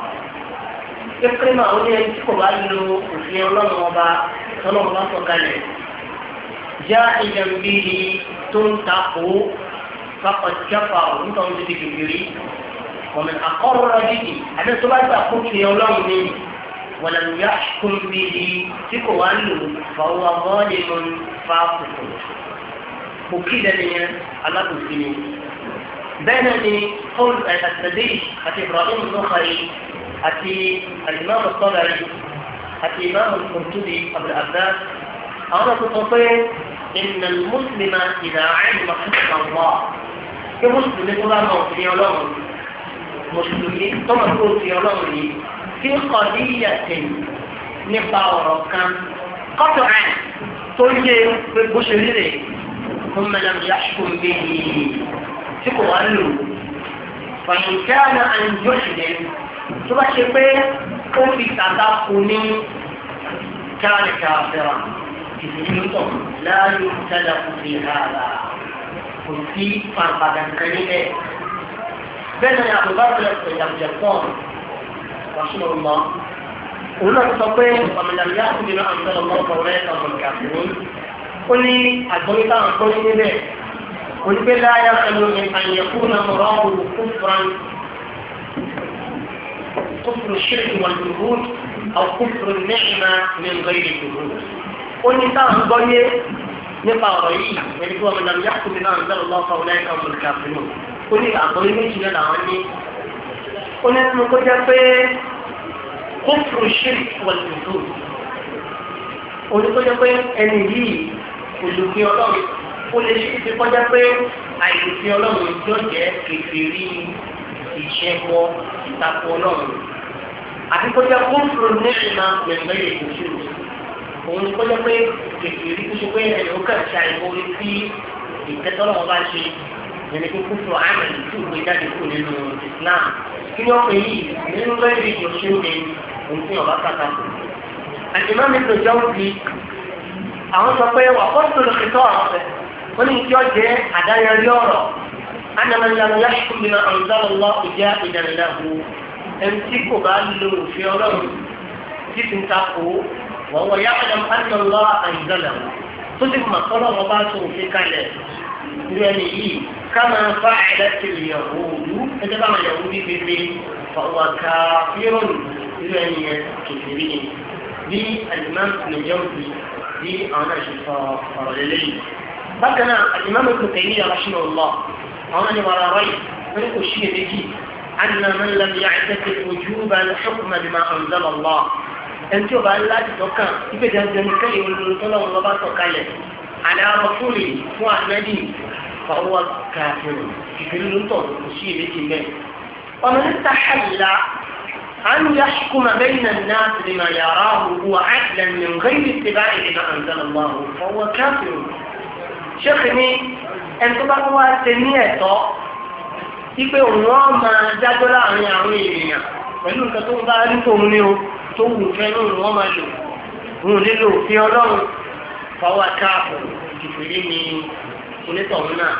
S1: ìkìrìmà òun ní ẹni tí kò bá lo òfin ọlọ́run ọba ọlọ́run bá sọ kalẹ̀ já ìjàmbí tó ń takò فقد كفر انتم تكفري ومن أقر به أنا تبعت أقول في يوم من ولم يحكم به سكو أنه فهو ظالم فاسق وكذا لنا على المسلمين بينني قول السديد أتي إبراهيم البخاري أتي الإمام الطبري أتي إمام القرطبي أبو العباس أنا تطير إن المسلم إذا علم حكم الله كمسلم يقول في مسلم مسلمين ثم تقول في الله في قضية nípa ọ̀rọ̀ kan kọ́tù ẹ̀ tó yé gbogbo ṣerére fún mẹ́lẹ̀mù yáṣùkùn bí i tí kò wá lò fàṣìkẹ́ àná àyíjọ́ ìdẹ́ tó bá ṣe pé ó fi tàbá kú ní káàkiri àfẹ́rà ìdílítọ̀ láàyò tẹ́lẹ̀ kò fi hàrà kò sí pàǹpàdà kan nílẹ̀ bẹ́ẹ̀ ni àbúrò bá fẹ́ pẹ̀lú àbújẹ̀pọ̀ رحمه الله هنا náà ومن لم يأخذ ti أنزل الله فأولئك هم الكافرون قل لي ìkàkùn قل ní àgbọ̀nìkà ọ̀pọ̀ ní níbẹ̀ onígbé láyà كفر الشرك والجهود أو كفر النعمة من غير الجهود لي تعالى ضيّ نقع رأيه يعني هو من لم يحكم بما أنزل الله فأولئك هم الكافرون قلنا أقول من شنو onínú tó jẹ́ pé kófùrù ṣírí wọ̀lùdù oní tó jẹ́ pé ẹni yìí kò lè fi ọlọ́run ó lè ṣe ti kọjá pé àìlèfin ọlọ́run yóò jẹ́ kékeré ìṣẹ́wọ́ ìtakò ọlọ́run àti kọjá kófùrù nírìnà pẹ̀lú ìkòṣèlú òun ni kọjá pé kékeré tó ṣe pé ẹ̀yọ́ kẹ̀ṣà ìwọ́n sí ìtẹ́tọ́lọ́wọ́ bá ṣe ẹni tó kútu àmì tó gbé jáde kú nínú Islam kí ló pè yí nínú lẹ́yìn ìjọṣẹ́ mi òfin ọ̀bá kàkà kù. àjùmọ́ mi tó jẹun bí àwọn sọ pé àkọ́sọ̀ lòkìtọ́ ọ̀sẹ̀ ó ní kí ọ jẹ́ àdáyẹrí ọ̀rọ̀ anamọ̀nyàmọ̀ yá ṣùgbọ́n ọ̀nzọ́lọ́lọ́ ìjà ìdánilẹ́hu ẹni tí kò bá lo òfin ọlọ́run tí ti ń ta kó wọ́n wọ yá irú ẹni yìí káma fa ẹ̀lẹ́tìrì yahudu ẹjẹ́ bá wọn yahudu bèbè fọwọ́ ká fíròn irú ẹni yẹn kẹfìrí ni bí alimam nàìjọ́bì bí àwọn náà ṣe sọ ọ̀rọ̀ bákan náà alimam kò tẹ̀lé yàrá ṣe lọ́wọ́ àwọn ni wàrà rẹ̀ wọ́n kò ṣí èméjì أن من لم يعتقد وجوب الحكم بما أنزل الله أنت وبالله تتوقع إذا جاء جنكي والمنطلة والله تتوقع àlẹ́ arọ́fúnni fún àtẹ́lì fàwọn kàfẹ́rù ìpínlẹ̀ lóńtọ̀ kò sí ìrètí bẹ́ẹ̀. ọmọ níta hàlá أن يحكم بين الناس لما يراه هو عدلا من غير اتباع لما أنزل الله فهو كافر ṣékìní ẹni tó bá wá ṣe ní ẹ̀tọ́ wípé òun wọn máa dájọ́ láàrin àwọn èèyàn pẹ̀lú nǹkan tó ń bá rí tòun ní o tó wù fẹ́ ní wọn máa lò òun nílò òfin ọlọ́run fáwọn káàpù ìfìrí ni onítọ̀hún náà.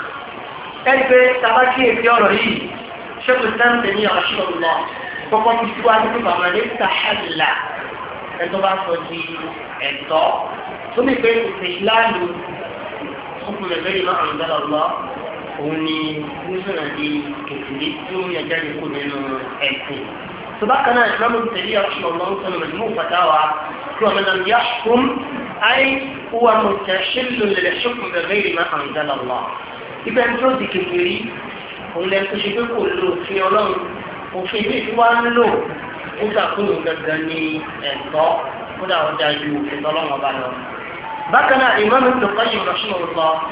S1: ẹni pé tabaki èsì ọ̀rọ̀ yìí ṣẹ́kù sáǹtẹ̀ ní ọ̀ṣọ́ lọ kọ́kọ́ fi tú adúgbò bàmà ní sàhálà ẹ̀tọ́ bá sọ di ẹ̀tọ́ tó ní pé ìsèláàlú ọkùnrin lẹ́yìn náà ń dára lọ òun ni nísìnyà di kẹfìrí tí ó yẹ jáde kú nínú ẹ̀sìn. tó bá kan náà ìsìláàmù tẹ̀lé ọ̀ṣọ́ lọ́wọ́ أي هو متشل للحكم بغير ما أنزل الله إذا أنت ودي كبيري ولا أنت شبه كله في علم وفي بيت وانلو وتكون قدني أنت ولا ودعيو في ظلام وبعد بكنا إمام ابن القيم رحمه الله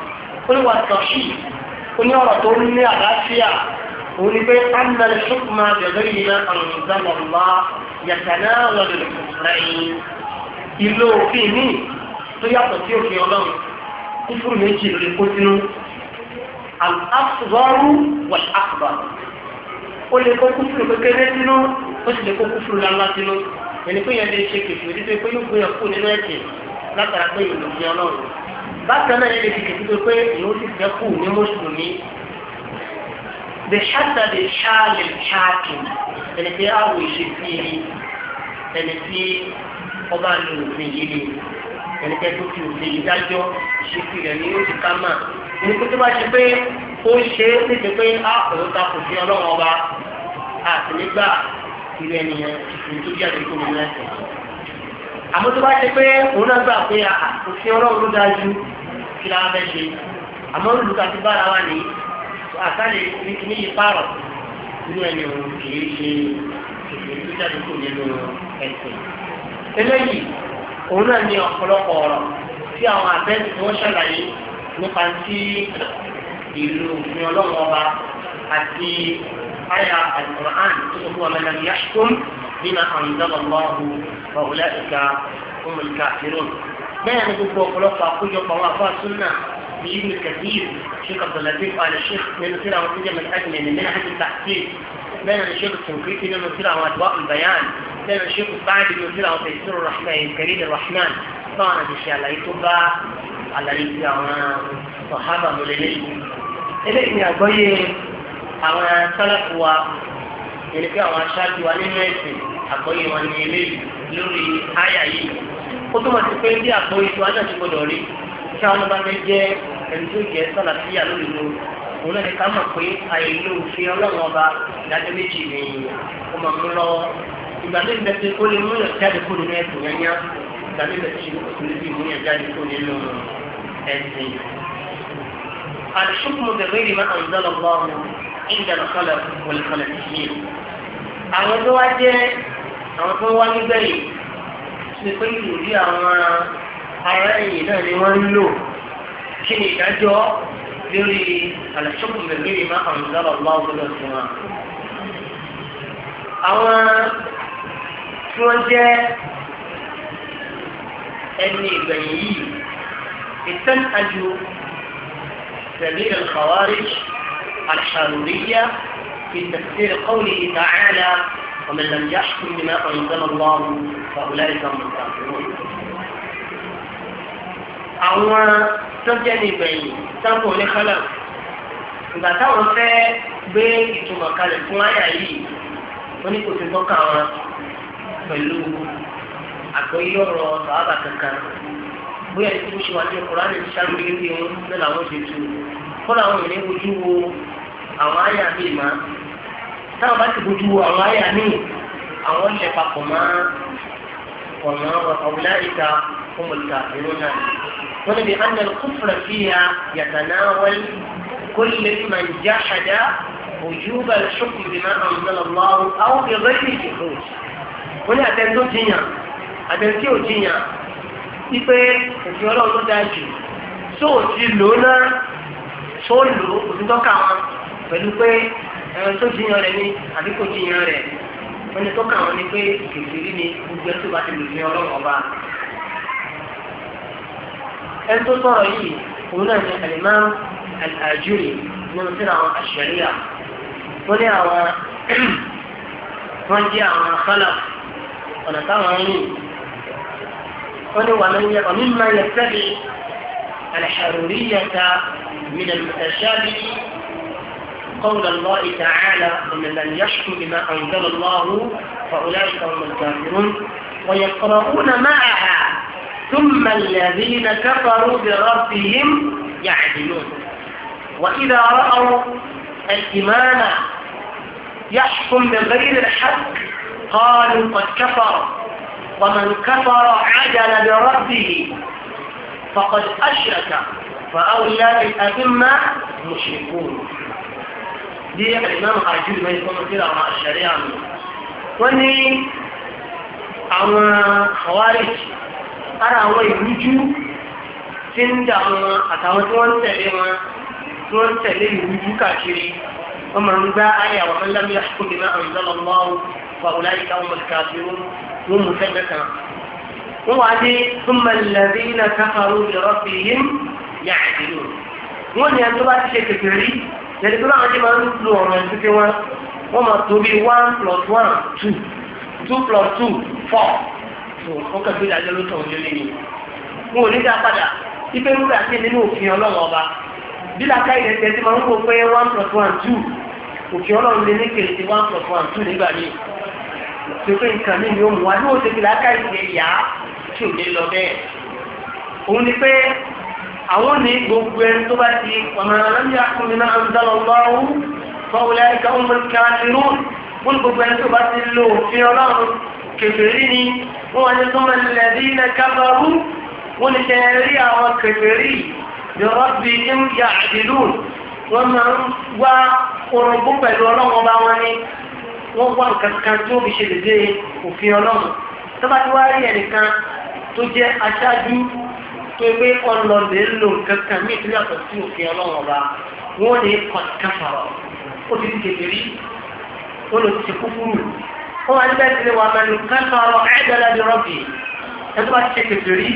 S1: قل هو الترشيد قل يرى تولي العافية ولبيت أن الحكم بغير ما أنزل الله يتناول الكفرين إلا في مين tó yàtọ̀ sí òfin ọlọ́run kúfúrú méjì ló lè kó sínú al-asgharu wal-akbar ó lè kó kúfúrú kékeré sínú ó sì lè kó kúfúrú lánlá sínú ẹni pé yẹn lè ṣe kèfì òdí pé yóò gbé ọkọ nínú ẹ̀sìn látara pé ìlú òfin ọlọ́run bákan náà yẹn lè fi kèfì pé ìlú ti fẹ́ kù ní mùsùlùmí the shatter the shale shaking ẹni pé àwọn ìṣesí ẹni tí ọba lòlùfin yìí ẹnikẹ́ tó ti òfin ìdájọ́ ìṣèkì rẹ̀ ni yóò ti ká mà ní kó tó bá ṣe pé ó ṣe é níbi pé á ah, òun ta kò sí ọlọ́run ọba àti nígbà ìrẹ̀ ènìyàn ìṣòro tó jáde kó mi lẹ́sẹ̀. àmọ́ tó bá ṣe pé òun náà gbà pé ah, òfin ọlọ́run ló dájú kí la fẹ́ ṣe àmọ́ olùkà ti bára wa ní àtàlẹ̀ ní kíní inú ẹni òun kì í ṣe ìṣòro tó jáde kó mi lẹ́sẹ̀. eléyìí òun náà ní ọ̀pọ̀lọpọ̀ ọ̀rọ̀ tí àwọn àbẹ́sì tí wọ́n ṣàlàyé nípa tí ìlú òfin ọlọ́run ọba àti àyà àlùkùrán tó tó fún ọmọ ẹ̀dá ní yàtúm nínú àwọn ìdánwòlọ́hùn ọ̀hùnlẹ̀ ìka òmùlùkà àfihàn. bẹ́ẹ̀ ni gbogbo ọ̀pọ̀lọpọ̀ àkójọpọ̀ àwọn afọ àtúnà bíi ibùdó kẹfì ṣe kàbọ̀lẹ́dẹ́ بين الشيخ الشنقيطي من مسير على أدواء البيان بين الشيخ السعد من مسير على تيسير الرحمن كريم الرحمن صانت الشيء على يتوبة على يتوبة صحابة مليلين إليه يا بيه àwọn sálàkù wa yẹn pé àwọn aṣáájú wa nínú ẹ̀sìn àgbọ́yé wọn ní ilé lórí àyà yìí ó túmọ̀ sí pé bí àgbọ́yé tó ajá ti gbọdọ̀ rí kí àwọn ọba fẹ́ jẹ́ ẹni tó jẹ́ sálàkìyà lórí lórí òun náà ní ká mọ̀ pé àìlú òfin ọlọ́run ọba ìdájọ́ méjì ni ó máa mú lọ́wọ́ ìgbà tó ń bẹ pé ó lè mú yàn jáde kó nínú ẹ̀sìn yẹn yá ìgbà tó ń bẹ pé ó lè mú yàn jáde kó nínú ẹ̀sìn. الحكم بغير ما أنزل الله عند الخلق والخلقيين àwọn tó wá jẹ́ àwọn tó wá níbẹ̀ yìí ṣe pé ìròyìn lórí àlùsọ́kùn bẹ̀rẹ̀ máa hàn lọ́rọ̀ lọ́wọ́ gbọ́dọ̀ sí wọn. àwọn tí wọ́n jẹ́ ẹni ìgbẹ̀yìn yìí ìtàn àjò tẹ̀lé الخوارج الحرورية في تفسير قوله تعالى ومن لم يحكم بما أنزل الله فأولئك هم الكافرون àwọn tọ́jẹ́ ní ìgbẹ̀yìn sáńpù oníkálà ìgbà táwọn fẹ́ gbé ìtumọ̀ kalẹ̀ fún àyà yìí wọ́n ní kò sí tọ́ka wọn pẹ̀lú àgbọ̀yé ọ̀rọ̀ sàábà kankan bóyá ní kí wọ́n ṣe wà ní Kùránì ṣáájú níbi wọn bẹ́ẹ̀ làwọn ṣe tu kọ́lá àwọn ènìyàn ojú wo àwọn àyà míì má táwọn bá ti bójú wo àwọn àyà míì àwọn ṣẹ̀ papọ̀ má ọ̀nà ọ̀bùnà ìta هم الكافرون ولبأن الكفر فيها يتناول كل من جحد وجوب الحكم بما أنزل الله أو بغير جحود wọ́n àtẹ̀ntó jiyàn àtẹ̀ntí ò jiyàn wípé òfin ọlọ́run ló dáa jù tó ò ti lò ó náà tó lò ó òfin tọ́ka wọn pẹ̀lú pé ẹran tó jiyàn rẹ̀ ni àbí kò jiyàn rẹ̀ wọ́n ní tọ́ka wọn ni pé kèfèrí ni gbogbo ẹ̀ bá ti lò ní ọlọ́run ọba أنت ترى لي هناك الإمام الآجري من فرع الشريعة ولعوى ونجع ما خلق ونطعني ومما يتبع الحرورية من المتشابه قول الله تعالى ان من يشكو بما أنزل الله فأولئك هم الكافرون ويقرؤون معها ثم الذين كفروا بربهم يعدلون وإذا رأوا الإمام يحكم بغير الحق قالوا قد كفر ومن كفر عدل بربه فقد أشرك فأولياء الأئمة مشركون دي الإمام عجيب ما يكون كده مع الشريعة وإني àwọn خوارج ara àwọn ìrújú tí ń dà wọn àtàwọn tí wọ́n ń tẹ̀lé wọn tí wọ́n ń tẹ̀lé ìrújú káàkiri wọ́n máa ń gbá ayé àwọn ọmọlẹ́mí àkókò bíi náà ọ̀nzọ́lọ́ lọ́wọ́ wà wọ́n láyé káwọn mọ̀lẹ́kà àti wọn mú fẹ́gbẹ́ kan. wọ́n wá dé súnmọ́ lẹ́bí iná káfàrú ìrọ́bì yìí yà àdìrò. wọ́n ní ẹni tó bá ti ṣe kékeré rí tó láwọn ti máa ń lo ọ̀rọ̀ ẹ̀ two plus two four wọ́n kàn gbé ìdájọ́ ló tàn lélẹ̀ yìí wọn ò ní dá padà ipe rúgbà sí nínú òfin ọlọ́run ọba bí làákà ilẹ̀ tẹ̀ sí máa ń wò pé one plus one two òfin ọlọ́run lé ní kèsì one plus one two nígbà míì tó pé nǹkan mi ni ó mú wa ní òṣèlú làákà ilẹ̀ yá tí ò ní lọ bẹ́ẹ̀ òun ni pé àwọn ní gbogbo ẹni tó bá ti ọmọ ọlọ́run yà fún mi náà ń dáná lọ́wọ́ fọwọ́lẹ́ ẹ̀ka ọmọ ìkàlẹ̀ rún fún gbogbo ẹni tó bá ti lo òfin ọlọ́run kèfèrí ni wọ́n wá ní súnmọ́ lẹ́bí na kábàrú wọ́n ní ṣe rí àwọn kèfèrí yọ̀rọ̀ bí i ń ya àdìlú wọ́n máa ń wá orogún pẹ̀lú ọlọ́wọ́ bá wọn ní wọ́n wá nǹkan kan tí ṣe dédé òfin ọlọ́run tó bá wá rí ẹnìkan tó jẹ́ aṣáájú tó gbé ọlọ́lẹ̀ lò nǹkan ní ìpínlẹ̀ ọ̀tọ̀ sí òfin ọlọ́run wọ́n ní kọ̀ọ̀kan sọ̀rọ̀ ó ti di kèfèrí ó lọ ti ṣe kúkúrú fún wa níbẹ̀ tí wà mẹ́nu kẹfàrọ̀ ẹ̀dẹ́lẹ́ di rọ́bì ẹgbẹ́ ti ṣe kẹfìrí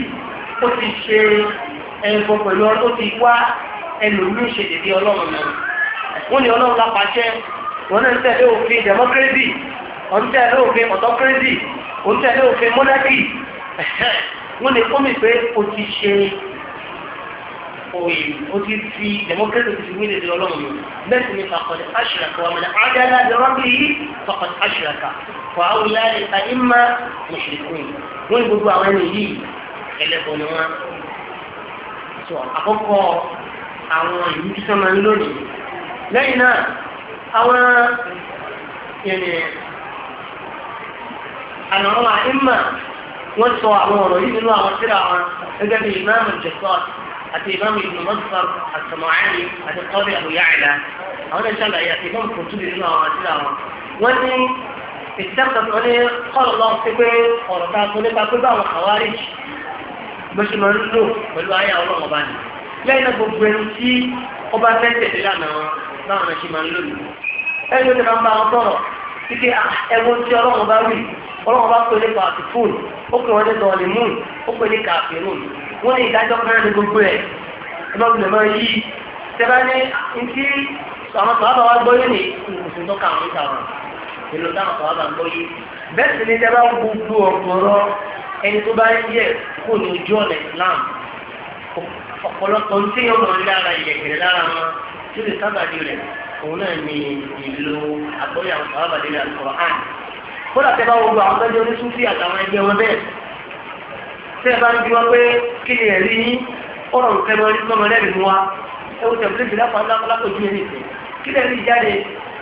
S1: ó ti ṣe ẹ̀yìnkọ pẹ̀lú ọdún ti wá ẹlòmí ṣe dèbí ọlọ́run náà wọ́n ní ọlọ́run lápàṣẹ wọ́n náà ń tẹ̀lé òfin democracy wọ́n ń tẹ̀lé òfin autocracy wọ́n ń tẹ̀lé òfin monarchy wọ́n ní kọ́mì pé ó ti ṣe ó ti fi democracy ti fi wílé di ọlọ́run mi bẹ́ẹ̀ sì ni faqad ashraka wa man adala bi rabbihi faqad ashraka wa ha'ula'i a'imma mushrikun wọ́n ní gbogbo àwọn ẹni yìí ẹlẹ́bọ̀ ni wọ́n sọ àkọ́kọ́ àwọn ìlú tí sọ́mọ ń lónìí lẹ́yìn náà àwọn ènìyàn àná àwọn àìmọ̀ wọ́n sọ àwọn ọ̀rọ̀ yìí nínú àwọn síra wọn gẹ́gẹ́ bí ìmáàmù jẹ̀sọ́ọ̀tì àti ìmáàmù Ibn Mansur àtàmọ̀ánì àti kọ́rí Abu Ya'la àwọn ẹ̀ṣẹ́ àlàyé àti ìmáàmù kò túbi nínú àwọn àti àwọn. wọ́n ní ìtẹ́kọ̀ọ́ wọn ní kọ́rọ̀ lọ sí pé ọ̀rọ̀ ta tó nípa pé báwọn àwárí bó ṣe máa ń lò pẹ̀lú ayé àwọn ọmọ bá ní. lẹ́yìn náà gbogbo ẹni tí ó bá fẹ́ tẹ̀lé lánàá báwọn ṣe máa ń lò nìyí. ẹni tó ah, ọlọ́run bá wì ọlọ́run bá pè ní pàtìfóònù ó pè wọ́n ní dọ̀ọ̀lì mú ó pè ní kàfírùn wọ́n ní ìdájọ́ kan ní gbogbo ẹ̀ ẹgbẹ́ mọ́ yí tẹ́bá ní tí àwọn sọ̀rọ̀ wa gbọ́ yìí ní ìmùsùn tó kà wọ́n sàrọ̀ èlò táwọn sọ̀rọ̀ wa gbọ́ yìí bẹ́ẹ̀ sì ni tẹ́bá gbogbo ọ̀pọ̀rọ̀ ẹni tó bá ń yẹ kó ní ojú ọ̀nà Islam ọ̀pọ̀lọpọ̀ tí yóò mọ̀ lára ìyẹ̀kẹ̀rẹ̀ lára wọn tí ó lè sábàdí rẹ̀ òun náà ni ìlú àgbọ́yà sọ̀rọ̀ tẹ́ ẹ bá ń bí wá pé kí ni ẹ̀rí yín ọ̀rọ̀ nǹkan mọ́ ní mọ́mọ lẹ́rìí mú wa ẹ wọ́n tẹ̀ fún ìbílẹ̀ fún alákọ̀ọ́jú yẹn nìkan kí lẹ́ẹ̀ rí jáde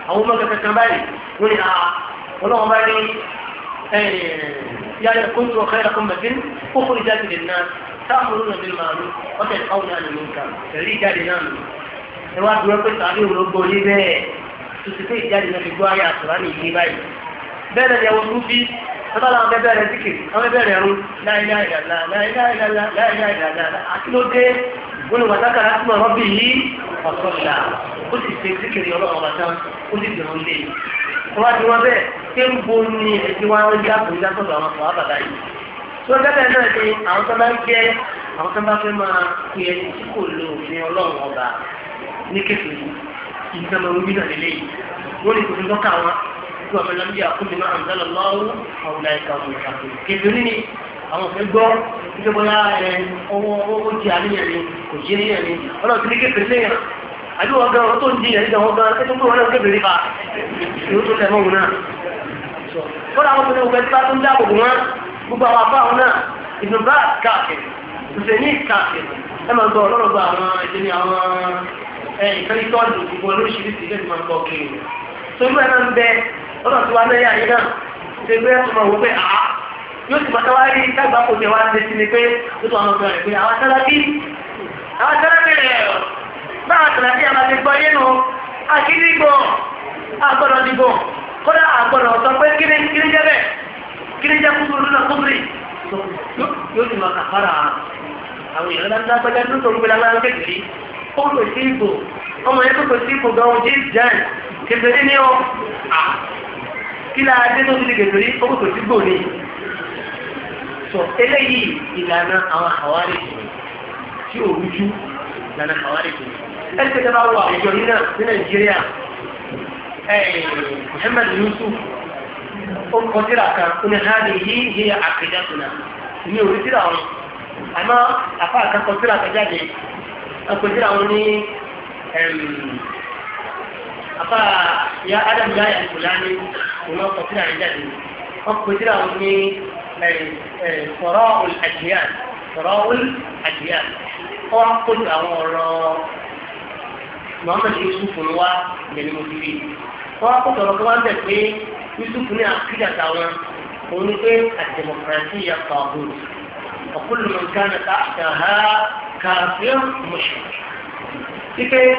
S1: àwọn ọmọ kẹfẹ́ kan báyìí wọ́n ní àá ọlọ́wọ́n bá ní yáyà kó tó ọ̀kẹ́ ẹ̀kọ́ mẹ́fín kó kó ìjáde lè ná táàmù lónà bí màálù ọ̀tẹ̀ káwọn náà nǹkan ẹ̀rí ìjáde náà nù bẹ́ẹ̀ ni ẹ̀wọ̀n lúbí tọ́lá àwọn bẹ́ẹ̀ bẹ̀rẹ̀ síkì àwọn bẹ̀rẹ̀ ẹ̀rú láìláìlàlá akílódé olùwàtàkàrà tí mo rọ́bì yìí ọ̀sọ̀là ó sì ṣe síkìrì ọlọ́run bàtà ó sì dùn lé wọ́n ti wọ́n bẹ́ẹ̀ pé ń bo ni ẹ̀sìn wa ń jábò ń jábò àwọn ọmọ àbàdà yìí tó bẹ́ẹ̀ náà ni àwọn tó bá ń jẹ́ àwọn tó bá fẹ́ máa pe ẹni tí kò lo òfin ọlọ́run ọba tó àmì lọ́mọdé àkúndé máa ń dáná lọ́wọ́ àwọn ìlànà àwọn ìṣàkóso kébìrì ni àwọn fẹ́ gbọ́ nígbà bóyá ọwọ́ owó ti àníyàn ni kò yé níyàn ni ọlọ́run ti ní kébìrì léyàn àbí wọn gan ọ̀rọ̀ tó ń di ìyàn nígbà wọn gan ẹ tó gbé wọn náà kébìrì fa ìlú tó tẹ̀ mọ́wọ́n náà kọ́lá àwọn ọmọdé òfin bá tó ń dáàbò bò wọn gbogbo àwọn afá wọn náà ìdùnnà káàkiri ìfẹ̀ní káàkiri ẹ máa gbọ́ ọlọ́rọ̀ gba àwọn ìdílé àwọn ìfẹ́ ìtọ́jú ìgbọ̀ lóríṣiríṣi lọ́dọ̀ tí wàá lẹ́yìn àyè náà ṣe gbé ẹ̀sùn náà wò pé àá yóò sì bàtà wáyé dágbà kò tẹ̀ wá ṣe sí ni pé ó tún àwọn ọmọ rẹ̀ pé àwọn sálábí àwọn sálábí rẹ̀ báwọn sálábí àwọn ti gbọ́ yẹnu àkíndígbò àgbọ̀dọ̀ dìbò kódà àgbọ̀dọ̀ sọ pé kíni kíni jẹ́ bẹ́ẹ̀ kíni jẹ́ kúkúrú náà kúkúrú yóò sì máa kàfàrà àwọn èèyàn dáadáa pẹ́lẹ́ tó tó gbé lágbára kékeré ó jíjẹ́ kébèrè ní ọ kí la dé tó ti di gègé rí owó tó ti gbò ní. sọ eléyìí ìlànà àwọn àwárí tí ò rújú ìlànà àwárí tó ní. ẹni tẹ́tẹ́ bá wọ àwùjọ yìí náà ní nàìjíríà muhammed yusuf ó kọ síra kan ó ní hàn yìí yìí àkèjà tó náà ní orí síra wọn àmọ́ àfa àkàkọ síra kan jáde àkọsíra wọn ní àbá ya adam láyà ìkùlání òun ọkọ̀ síra rẹ̀ jáde wọ́n pè síra wọn ní sọ̀rọ̀ àjíyàn sọ̀rọ̀ àjíyàn wọ́n kó àwọn ọ̀rọ̀ muhammed yusuf ń wá lẹ́nu mọ́tìrì wọ́n kó sọ̀rọ̀ tó wá bẹ̀ pé yusuf ní àkídà táwọn òun àdèmọ̀kìrẹ́sì yà pàbó ọ̀kúlùmọ̀ká nàta àtàhà kàfíà mọ̀ṣẹ̀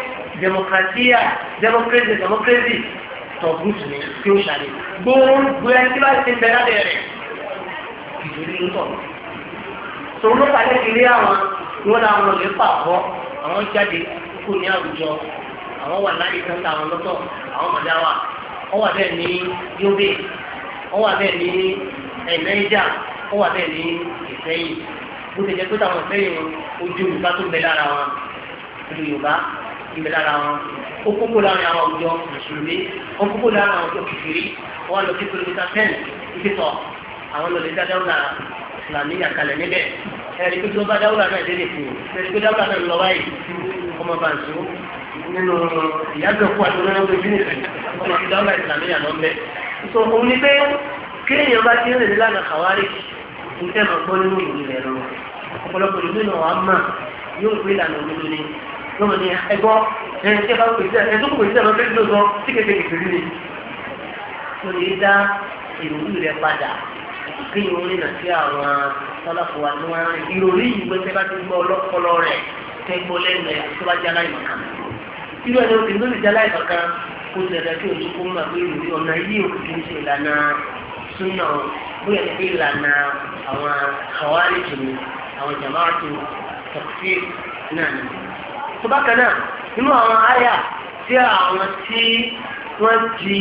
S1: Demokrasi, demokrasi, democracy tọ̀gùtù ni tí ó ṣàlẹ̀ gbogbo ẹni tí bá ti ń bẹ lábẹ́ rẹ̀ ìdílé ló tọ̀ tòun ló pàdé ìdílé àwọn tí wọ́n láwọn lè pàbọ́ àwọn jáde kú ní àwùjọ àwọn wà láyé kan tá àwọn lọ́tọ̀ àwọn mọ̀dá wa wọ́n wà bẹ́ẹ̀ ní Yobe wọ́n wà bẹ́ẹ̀ ní Nàìjíríà wọ́n wà bẹ́ẹ̀ ní Ìfẹ́yìn bó ti jẹ́ pé táwọn Ìfẹ́yìn ojú Yorùbá tó ń bẹ lára wọn ìlú Yorùbá ìbẹ̀ lára wọn ó kókó láàrin àwọn àwùjọ mùsùlùmí ó kókó láàrin àwọn àwùjọ kìkìrí wọn lọ sí kìlómítà ten ìfitọ àwọn lọ lè dá dáwùlà ìsìlámì àkàlẹ̀ níbẹ̀ ẹ̀rí pé tí wọ́n bá dáwùlà náà délé fún un ẹ̀rí pé dáwùlà náà lọ báyìí ọmọ bá ń sún nínú ìyájọkú àti olóyún tó bí nìkan ọmọ fi dáwùlà ìsìlámì àná ń bẹ. sọ òun ni pé kéèyàn bá ti ń rìn lánàá kàwárí ní tẹ́ ọ̀pọ̀lọpọ̀ ìlú náà wà á lọ́mọ ní padà kí ni wọ́n nà sí àwọn sọ́láfù wa ní wọ́n rìn ìròyìn yìí pé ti gbọ́ ọlọ́pọlọ rẹ̀ tẹ́ gbọ́ tó bá jẹ́ aláìmọ̀kan. irú ẹni obìnrin tó lè jẹ́ aláìmọ̀kan kó tẹ̀lé kí òní kó máa gbé ìròyìn ọ̀nà yìí ò kì ṣe ìlànà súnà bóyá ní bí ìlànà àwọn àwárí jù ní àwọn jàmáà tó náà nìyí tó bá kan náà nínú àwọn àyà tí àwọn tí wọ́n di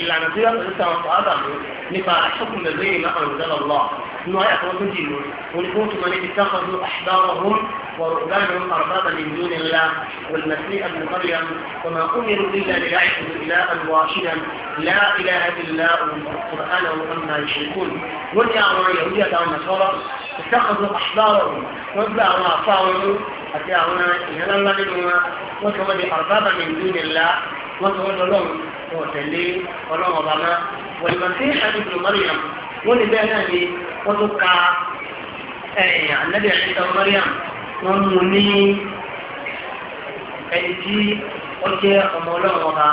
S1: ìlànà tó yàtọ̀ sí àwọn sọ̀rọ̀ àbàmù nípa àṣọkùnrin lóyìn náà ọ̀rọ̀ نوع يأخذ من دينه ونكونت من اتخذوا أحبارهم ورؤبانهم أربابا من دون الله والمسيء ابن مريم وما أمروا إلا ليعبدوا إلها واحدا لا إله إلا الله القرآن وأما يشركون وليعوا اليهودية والنصارى اتخذوا أحبارهم واتبعوا صاروا أتاعونا إلى الله منهما وكمدي أربابا من دون الله وتولوا لهم هو سليم ولهم ظلام والمسيح ابن مريم wọ́n ní bẹ́ẹ̀ náà ni wọ́n tún ka ẹ̀yìn ànábì àṣìṣe Mariam wọ́n mú ní ẹni tí wọ́n jẹ́ ọmọ ọlọ́run ọba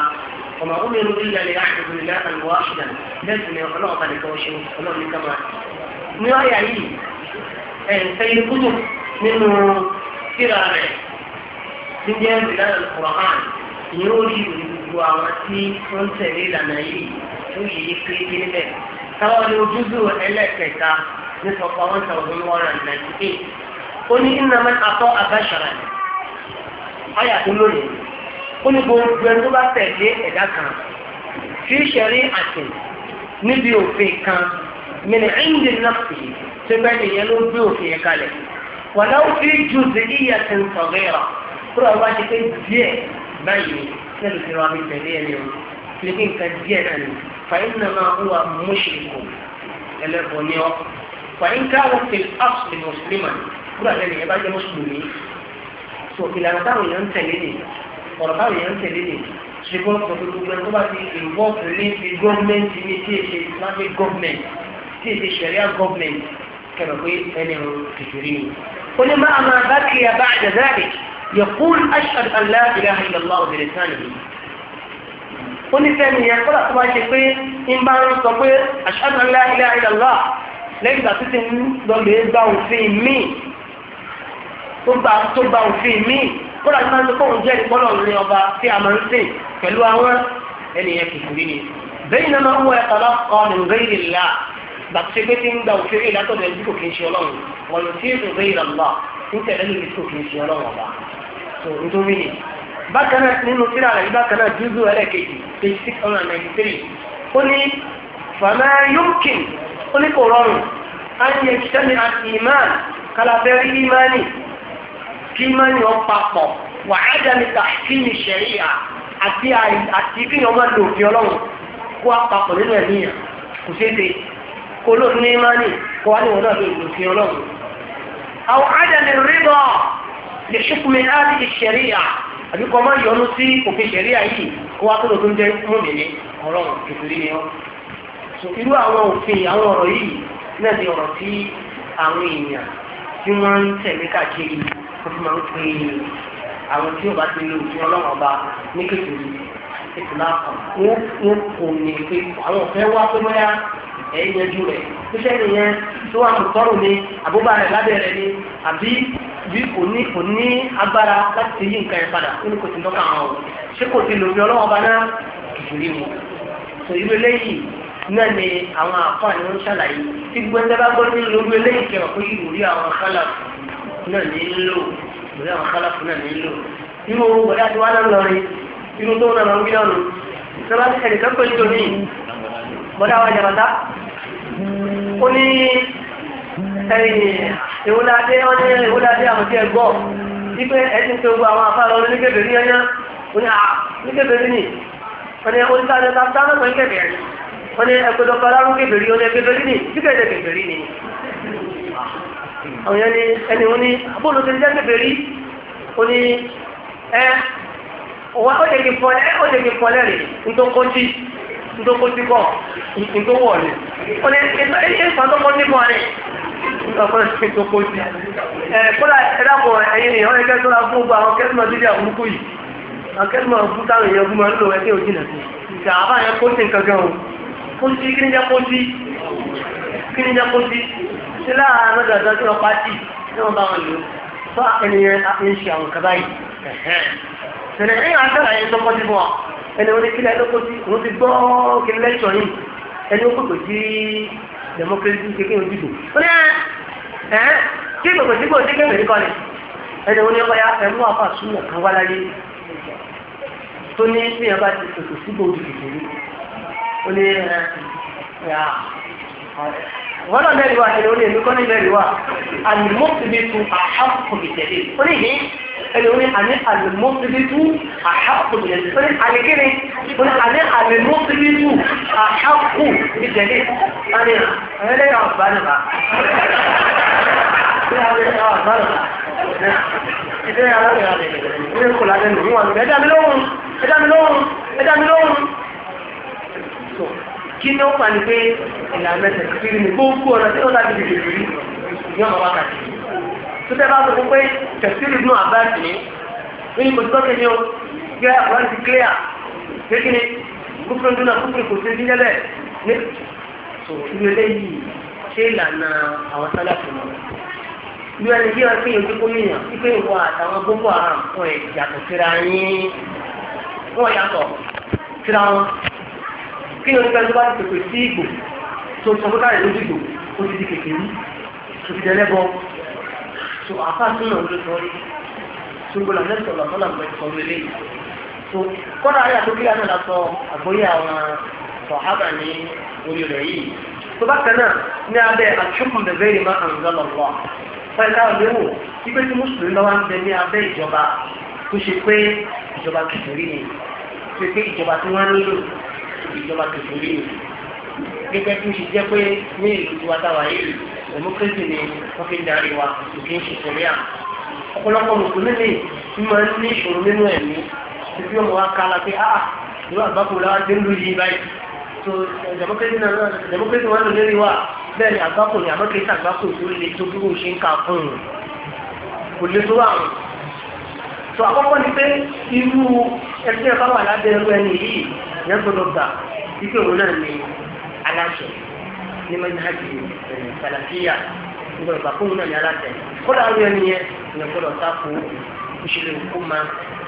S1: ọmọ omi ìlú ilẹ̀ ní àṣìṣe ìlú àlùwà àṣìṣe lẹ́sìn ní ọlọ́run ọba nìkan ṣe ọlọ́run nìkan máa. ní ọ̀yà yìí ẹ̀ǹfẹ́ ilé kútù nínú kíra rẹ̀ tí jẹ́ ìlànà kùrọ̀hán ìyẹn ó rí ìwé gbogbo àwọn tí wọ́n tẹ̀lé ìlànà yìí tó yìí pé kí níbẹ̀ táwọn ní ojúdú ẹlẹ́kẹta ní sọ̀kọ̀ àwọn ìṣàwọ̀n one hundred ninety eight ó ní iná mẹ́ta tọ́ abáṣara ni ọyà tó lónìí ó ní gbogbo ẹni tó bá tẹ̀lé ẹ̀dá kan fi ṣẹ̀rí àti níbi òfin kan mìíràn ẹ̀yìndì náà sì tó bá nìyẹn ló gbé òfin yẹn kalẹ̀ wàlá ó fi ju zèyíyà ti ń sọ̀rọ̀ yẹra kúrò àwọn àti pé báyìí sẹ́lẹ̀ níbi nǹkan díẹ̀ náà ni fàyín náà máa ń wà mọ́ṣẹ́kù ẹlẹ́bọ̀ ni ọ́ fàyín káwọn fi ọ́sùn ní mùsùlùmá kúrò àlẹ́ nìyẹn bá jẹ́ mùsùlùmí tó ìlànà táwọn èèyàn ń tẹ̀lé ni ọ̀rọ̀ táwọn èèyàn ń tẹ̀lé ni ṣùgbọ́n gbogbo ẹni tó bá ti involve ní ti gọ́ọ̀mẹ̀ntì ní tí èṣe islamic government tí èṣe sharia government kẹ̀rọ ó ní fẹ́mi yẹn kọ́lá tó bá ṣe pé ń bá ń sọ pé ashhadu an la ilaha illallah lẹ́yìn ìgbà títí ń lọlẹ̀ gba òfin míì tó gba tó gba òfin míì kọ́lá tó bá ń sọ jẹ́ ìpọ́lọ̀ ní ọba tí a máa ń sìn pẹ̀lú àwọn ẹnìyẹn kìkìrì ni bẹ́yìn náà máa ń wọ ẹ̀kọ́ lọ́kọ́ ní ghairi llah gbàtí pé tí ń gba òfin rí látọ̀ lẹ́yìn kò kí ń ṣe ọlọ́run wọ̀nyí bákanáà nínú síra rẹ̀ bákanáà júzù ẹlẹ́kejì page six hundred and ninety three ó ní fàmà yókìn ó ní kò rọrùn á ń yẹ sẹ́mi àti ìmáàn kálàfẹ́rí ìmáàní kí ìmáàní ọ papọ̀ wà á dá níta kí ni ṣẹ̀ríà àti àti kí ọmọ lò fi ọlọ́run kó a papọ̀ nínú ẹ̀mí kò ṣeé kó lóòótọ́ ní ìmáàní kó wá ní náà lò fi ọlọ́run. àwọn á dá ní lè ṣùkùnmí àbí kọ́ máa yọnu sí òfin ṣẹ̀ríà yìí kó wá tó lọ tó ń jẹ́ mọ́mì ní ọ̀rọ̀ kékeré ni ọ́. so irú àwọn òfin àwọn ọ̀rọ̀ yìí náà ni ọ̀rọ̀ tí àwọn èèyàn tí wọ́n ń tẹ̀lé káàkiri wọ́n fi máa ń pè é àwọn tí yóò bá ti lo òfin ọlọ́run ọba ní kékeré ìtura kan wọ́n kò ní pé àwọn ọ̀fẹ́ wá pé bóyá ẹ̀yìn yẹjú rẹ̀ níṣẹ́ nìyẹn tó wà mùtọ́rù ni àbúgbà rẹ̀ lábẹ́ rẹ̀ ni àbí bí kò ní kò ní agbára láti yí nǹkan yẹn padà ó ní kò sí lọ́kàn àwọn ṣé kò sí lòmí ọlọ́wọ́n bá náà kìfìrí mu tó irú eléyìí náà ni àwọn àfààní ń ṣàlàyé tí gbẹ́ndẹ́ bá gbọ́ ní lórí eléyìí kẹwàá pé ìwòrí àwọn àwọn kálàfù náà ní lò irú owó bọ̀dá tí wàá náà lọ rí irú tó náà lọ ń gbé náà nù ìṣẹ́lá ẹnìkan pẹ̀lú tòní bọ́dá wa jàbàtà ó ní ìwúdáadé wọ́n ní ìwúdáadé àmọ́tí ẹgbọ́ wípé ẹtí ń togbo àwọn afárá ọdún ní kébèrè Ni ó ní ní kébèrè ní wọ́n ní oníṣàdé tàbí àwọn kébèrè wọ́n ní ẹgbẹ́dọ̀ fọlárú kébèrè ó ní kébèrè ní síkẹ̀dẹ̀ kébèrè ní. àwọn yẹn ní ẹni wọn ní bóòlù tó ń jẹ́ kébèrè ó ní ẹ ó jẹ́ kí fọlẹ́ ó jẹ́ kí fọlẹ́ rè ntòkòtì ntòkòtì kọ́ ìgbó wọ̀ ni ó ní ìfọ̀n tó mọ́ níbọn ni ọ̀pọ̀ ètò kò jù kódà ẹ̀dàpọ̀ ẹ̀yìn èèyàn ẹgbẹ́ tó ra fún gbogbo àwọn kẹ́sìmọ̀ dídí àbúrúkú yìí àwọn kẹ́sìmọ̀ fún táwọn èèyàn gúnmọ̀ nílò ẹgbẹ́ òjì nà sí ìgbà àbá yẹn kó sí nǹkan gan o kó sí kí ní jẹ́ kó sí kí ní jẹ́ kó sí sí láàárín ọ̀dọ̀dọ̀ tí wọ́n pàtì tí wọ́n bá wọn lò tó ènìyàn ń ṣe àwọn kaba yìí ṣẹlẹ̀ ẹ̀yìn àtàrà yẹn tó kọ́ sí fún wa ẹni wọ́n ti kílẹ̀ tó ẹni ó kòtò sí democracy kékeré òdìbò ó ní ẹ ẹ kí gbogbo tí kò dégbé mẹ́rin kọ́ni ẹni ó ní ọkọ ya ẹmú àpá súnmọ̀ kan wá láyé tó ní bí ẹ bá ti kòtò sí gbòòdì kékeré ó ní ẹ ẹ wọ́n náà mẹ́rin wá tẹ̀lé orí èmi kọ́ ní mẹ́rin wá alimọ́sibítù àhàkùnbìtẹ̀lé orí yìí ẹni orí àní alimọ́sibítù àhàkùnbìtẹ̀lé orí àní kíni orí àní alimọ́sibítù àhàkùnbìtẹ̀lé àní ẹlẹ́yà ọ̀gbá nípa ìdílé aláwọ̀ ìdílé kò lábẹ́ nù wọ́n ẹ̀dá mi lóhùn ẹ̀dá mi lóhùn ẹ̀dá mi lóhùn kí ni ó fà ní pé ìlànà ẹsẹ̀ kiri ní gbogbo ọ̀nà tí ó láti fi bèbè rí ní ọmọ wákàtí tó tẹ́ bá sọ fún pé tẹ̀sílì nù àbáàtì ní ó ní kò tó tọ́kẹ́ ní o gbé àwọn ti clear pé kí ni kúkúrú dúnà kúkúrú kò sí nílẹ̀ bẹ́ẹ̀ ní tó ìlú eléyìí ṣé ìlànà àwọn sálàfù náà bí wọn ní bí wọn fi ojú kó yíyan wípé ìwọ àtàwọn gbogbo àrùn wọn yàtọ̀ síra yín wọn yàtọ̀ síra wọn kí ni oníkẹ́ ló bá ti pèpè sí ìgbò tó sọ fún káyọ̀ lójú ìgbò ó ti di kékeré tó ti dẹ́lẹ́bọ tó àfa tún náà ló sọ rí tó gbọ́dọ̀ lẹ́sọ̀ lọ́sọ̀ làwọn ẹ̀kọ́ lé lé tó kọ́nà ayé àtúkí àná lásọ àgbóyè àwọn sọ̀hábà ní orí rẹ̀ yìí tó bá kan náà ní abẹ́ àtúkùn bẹ̀rẹ̀ ìmọ̀ àǹzọ́lọ́wọ́ pẹ̀lú ìjọba kékeré yìí gẹ́gẹ́ bí ó ṣe jẹ́ pé ní ìlú tiwa táwa yìí democracy ni wọ́n fi ń darí wa òkè ń ṣe sẹ́ríà ọ̀pọ̀lọpọ̀ mùsùlùmí ni máa ń ní ìṣòro nínú ẹ̀mí títí ọmọ wa ká la pé ah ìlú àgbákò làwọn ti ń lu yìí báyìí so democracy náà democracy wọn lò lérí wa bẹ́ẹ̀ ni àgbákò ni àmọ́ kìí sàgbákò tó le tó bí kò ṣe ń kà fún un kò le tó àrùn so àkọ́kọ́ ni pé irú ẹgbẹ́ bá lábẹ́ ẹrú ẹni yìí yẹn gbọ́dọ̀ gbà wípé òun náà ni aláṣẹ ní mẹjáàjì kàlàfíà gbọ́dọ̀ gbà fóun náà ni aláṣẹ kódà àwọn ẹni yẹn ni gbọ́dọ̀ sáfù ìṣẹ̀lẹ̀ òkú ma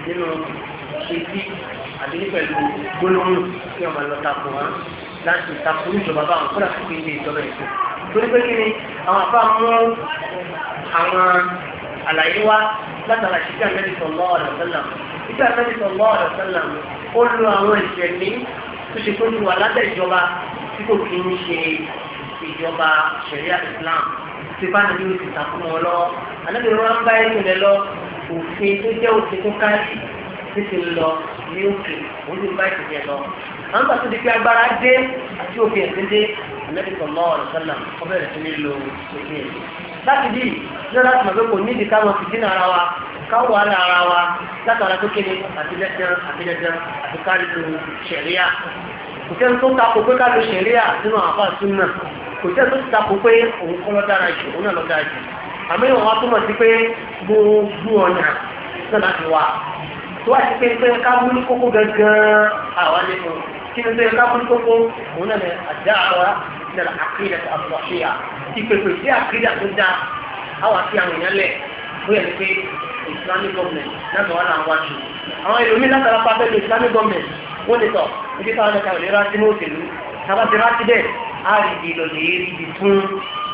S1: nínú ṣèkí àti pẹ̀lú gbólóhùn tí wọn máa lọ sáfù wọn láti sáfù ìjọba báwọn kódà fún kí n lè jọba ètò torí pé kí ni àwọn afá mú àwọn àlàyé wá látara ìṣíkà mẹ́tìtọ̀ ó lo àwọn ìṣẹ̀lẹ̀ tó ṣe tó ti wà lábẹ́ ìjọba tí kò kí ń ṣe ìjọba ṣẹ̀ríà Islam tí bá nàbí ó ti tàkùn wọn lọ ànábì wọn ń bá ẹnu rẹ lọ òfin tó jẹ́ òfin tó káàdì tí ti lọ ní òkè ó ti bá ìṣẹ̀lẹ̀ lọ. àwọn bàtú di pé agbára dé àti òfin ẹ̀sìn dé ànábì sọ̀lọ́ ọ̀rọ̀ sọ́nà ọ láti bí ní láti mọ̀ pé kò ní ìdíkà wọn fìdí ara wa káwọ́ ara ara wa látara tó kéde àti dẹ́dẹ́n àti dẹ́dẹ́n àti kárí tó ṣẹ̀ríà kò tẹ́ tó takò pé kárí ṣẹ̀ríà nínú àfa súnmọ̀ kò tẹ́ tó takò pé òun kọ́ lọ́ dára jù òun náà lọ́ dára jù àmì ìwọ̀n wa túmọ̀ sí pé gbogbo ọ̀nà náà láti wà tó wá sí pé pé ká mú ní kókó gangan àwa nínú kí ni pé ká mú ní kókó òun náà ní àdá ìnà àkídà àfọ̀ṣíà ìpèpè sí àkídà tó dáa àwọn àti àwọn èèyàn lẹ̀ bóyá ni pé islamic government láti wà náà wájú àwọn ìlú mi látara pàtẹ́ lu islamic government wọ́n lè tọ̀ ibi táwọn ẹ̀ka ìlera sí ní òṣèlú tábà ti rántí bẹ́ẹ̀ á rí ibi ìlọ̀lẹ̀ rí ibi fún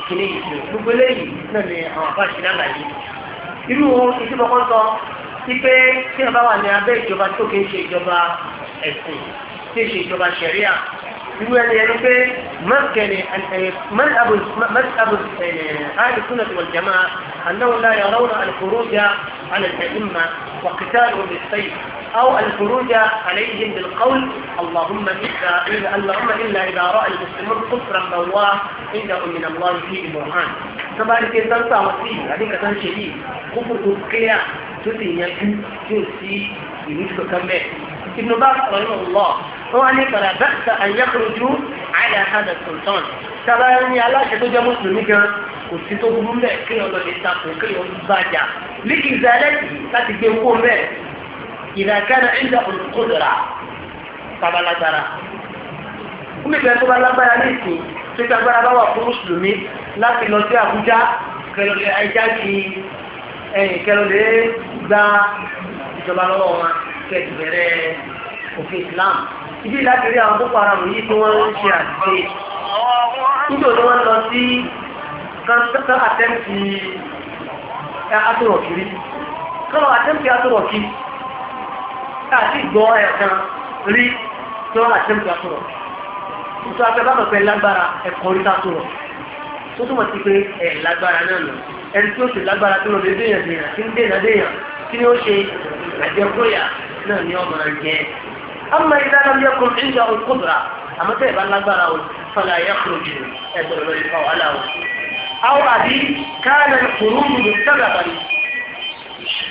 S1: kíní ìṣòro gbogbo eléyìí náà ni àwọn àbá ìṣẹ̀lẹ̀ àlàyé irú ìṣúbọ̀kọ́ sọ wípé tí wọ́n bá wà ní abẹ́ ìjọba tó kì í ṣe ìjọba ẹ̀sìn tí ì ṣe ìjọba ṣẹ̀ríà يقول يعني ẹni pé mọ́kẹ̀lẹ̀ mọ́tàbù ahli sunnah wal jama'a annahu la yarawna al-khuruja ala al-a'imma أو الخروج عليهم بالقول اللهم إلا اللهم إلا إذا رأى المسلمون كفرا بواه عنده من الله فيه برهان طبعا كي تنسى فيه هذه كتان شديد كفر تسقيا تسي يجو تسي يجو كمه ابن باس رحمه الله wọ́n ní padà bẹ́ẹ̀ta àyẹ́kùrújú àìlà àdà sultan sábà ní aláṣẹ tó jẹ́ mùsùlùmí gan kò sí tó burú mẹ́ kí ọ̀nà lè takò kí ọ̀n bàjá líkì zẹ́lẹ́tì láti gbé owó mẹ́ ìdàkẹ́rẹ́ ìdà olùkọ́dọ̀rà sábà lágbára. ó lè bẹ́ẹ̀ tó bá lágbára ní ìsìn tó ti agbára bá wà fún mùsùlùmí láti lọ sí Àbújá kẹlọ̀lẹ̀ ajá kí kẹlọ̀lẹ̀ gba ìjọba lọ́wọ́ wọn kẹ òfin Islam ibi láti rí àwọn boko haram yìí tí wọ́n ń ṣe àṣìṣe nígbà tí wọ́n lọ sí kọ́ńtẹ́tẹ́ àtẹ́ǹtì atúrọ̀kiri kọ́ńtẹ́tẹ́ àtẹ́ǹtì atúrọ̀kí àti ìgbọ́ ẹ̀kan rí tí wọ́n àtẹ́ǹtì atúrọ̀kí ìtọ́ afẹ́bàbọ̀ pẹ̀ lágbára ẹ̀kọ́ rí tátúrọ̀ tó túnmọ̀ sí pé ẹ̀ lágbára náà lọ ẹni tí ó sì lágbára tó lọ lè déyàn déyàn kí ń déyàn déyàn kí ni ó ṣe àjẹkóyà náà ni ọmọ rẹ̀ jẹ́ أما إذا لم يكن عنده القدرة أما تبع الله فلا يخرج أو أبي كان الخروج مستغربا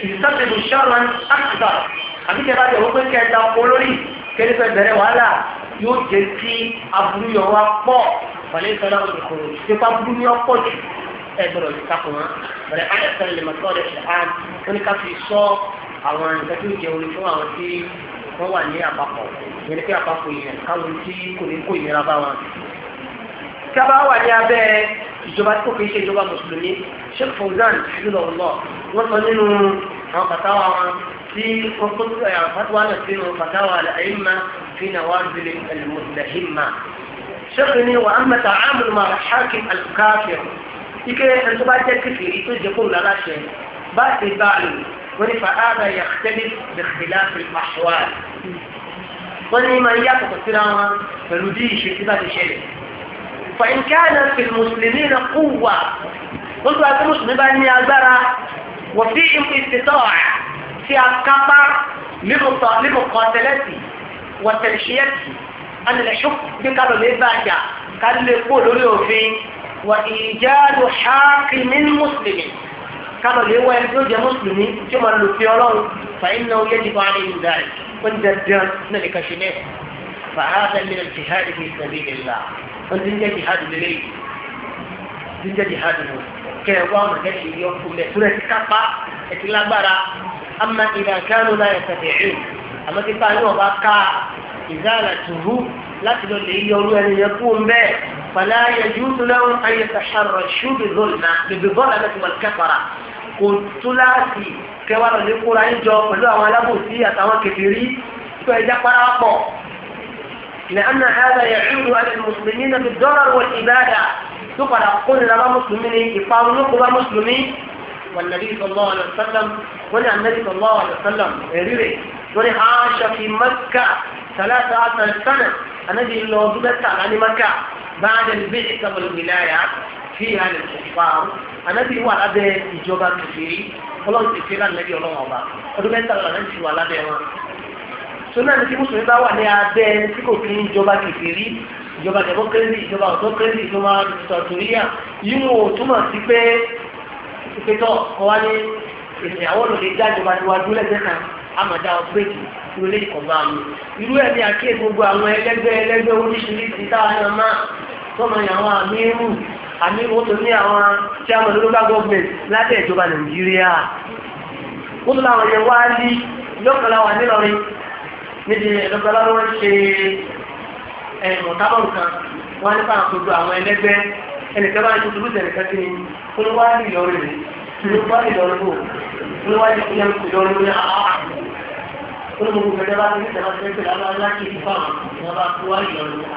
S1: يسبب شرا أكبر àbí tẹ bá tẹ wọ́n pé kẹta olórí kẹlẹ́ fẹ́ bẹ̀rẹ̀ wàhálà yóò jẹ́ kí aburú yọ wá pọ̀ wàlẹ́ sọ́dọ̀ òkòrò nípa aburú yọ pọ̀ jù ẹ gbọ́dọ̀ lè ká kùnà bẹ̀rẹ̀ ayẹ̀sẹ̀ lè mọ̀tọ́ rẹ̀ ṣe hàn ó ní ká fi sọ àwọn nǹkan tó jẹ́ orí fún àwọn tí wọ́n wà ní àpapọ̀ yẹn ni pé àpapọ̀ ìyẹn káwọn tí kò ní kó ìnira bá wọn. tí a bá wà ní abẹ́ ìjọba tí kò kì í ṣe ìjọba mùsùlùmí Sheikh Fawzan ṣùgbọ́n ọ̀lọ́ wọ́n sọ nínú àwọn fatawa wọn tí wọ́n tó eh, fatawa náà sínú fatawa àlàyémà fi nawazil al-mustahimma. Sheikh ni wà á mẹ́ta àmúlò máa hakim al-kafir ike ẹni tó bá jẹ́ kékeré tó jẹ́ kó lára ṣe bá ti bá a lò عرف هذا يختلف باختلاف الأحوال ظلم إياكم السلام فنديش كذا لشيء فإن كان في المسلمين قوة قلت لك مسلم بأن يزرع وفيهم استطاع في القطر لمقاتلتي وتنشيتي أن الحكم بكرم إباكا كان يقول له في وإيجاد حاكم مسلم káma lè wá ẹni tó jẹ mùsùlùmí tí mo lò fi ọlọ́run fàyín náà yẹ nípa alẹ́ yìí dáì ó ń dandan náà lè kàṣe náà fàhádà mìíràn jihad fi sabilillah ó ti ń jẹ́ jihad lélẹ́ yìí ti ń jẹ́ jihad lọ kẹ́ ẹ wá ọ̀nà kẹ́sì yọ fún mi ẹ̀túrẹ́ ti kápá ẹ̀tí lágbára ama ìdá kánú náà ẹ̀sẹ̀ tẹ̀lé àmọ́ ti pa inú ọba ká ìzáàlà tùrú láti lọ lè yọ olú ẹni yẹn kú ń bẹ́ẹ̀ fàlàyé jùlọ ayé sàṣàrọ̀ ṣùgbọ́n náà bèbè bọ́ọ̀lù àti wọn kẹfàrà kò tó láti kẹwàá lọ lè kóra ń jọ pẹ̀lú àwọn alábòsí àtàwọn kèfèrí tó ẹja parapọ̀ لأن هذا يعود على المسلمين بالضرر والإبادة تقول قل لما مسلمين يقارن قبا مسلمين والنبي صلى الله عليه وسلم ولي النبي صلى الله عليه وسلم ريري ولي عاش في مكة ثلاثة عشر سنة النبي اللي وجدت عن مكة بعد البعثة والولاية fi hàn ìfọ̀fà ànábì wà lábẹ́ ìjọba kìfìrí ọlọ́run ti fi lánàá lẹ́bi ọlọ́run ọba ọdún mẹ́ta lọ́la ti wà lábẹ́ wọn. sọ́nà ní kí mùsùlùmí bá wà ní abẹ́ tí kò fi ìjọba kìfìrí ìjọba democracy ìjọba autocracy ìjọba dictatoria yíwò túmọ̀ sí pé ìpẹ́tọ̀ ọ̀wá ní ìyàwó ló lè dá ìjọba níwájú lẹ́gbẹ̀ẹ́ kan àmàdá ọ̀pẹ́ẹ̀tì ìrọ̀lẹ́ ìkọ̀ọ̀bá mi irú ẹ̀ ní àkíyèsí gbogbo àwọn ẹlẹ́gbẹ́ ẹlẹ́gbẹ́ oríṣiríṣi táwọn náà máa wọ́n máa yàn àwọn àmírù àmírù tó ní àwọn chairman local government lábẹ́ ìjọba nàìjíríà wọ́n tó láwọn yẹn wá lí lọ́kọ̀ọ́lá wà nílọrin níbi lọ́kọ̀ọ́lá ló ń ṣe ọ̀tábọ̀n kan wọ́n á nípa àkójọ àwọn ẹlẹ́gbẹ́ ẹnìkan bá ń ṣe ojúbùsẹ̀ nìkan kí ni olúwa lè lọrin rẹ̀ olúwa lè lọrin bò olúwa lè lọrin bò olùmọ̀gbọ̀n fẹ́ẹ́ bá ti ní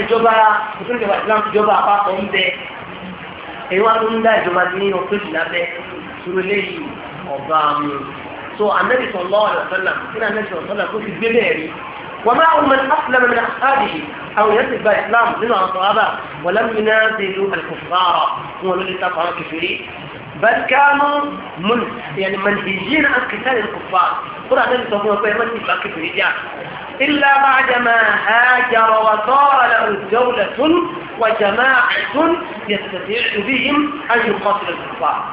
S1: ìjọba ìjọba ìsìlámù ìjọba àpapọ̀ ń bẹ èyí wá ló ń dá ìjọba ní ọ̀tọ́jì lábẹ́ sùrù léyìí ọ̀bá mi so anabi sallallahu alaihi wasallam kí náà anabi sallallahu alaihi wasallam kó ti gbé bẹ́ẹ̀ rí wọ́n máa ń mẹ́ta fúlẹ̀ mẹ́ta sáàdì àwọn èèyàn ti gba ìsìlámù nínú àwọn sọ̀rọ̀ wọ́n lẹ́mú iná ti lu alkùfàrà fún wọn lórí sáfà wọn kìfìrí بل كانوا من يعني منهجين عن قتال الكفار قرأ النبي صلى الله عليه وسلم إلا بعدما هاجر وصار له دولة وجماعة يستطيع بهم أن يقاتل الكفار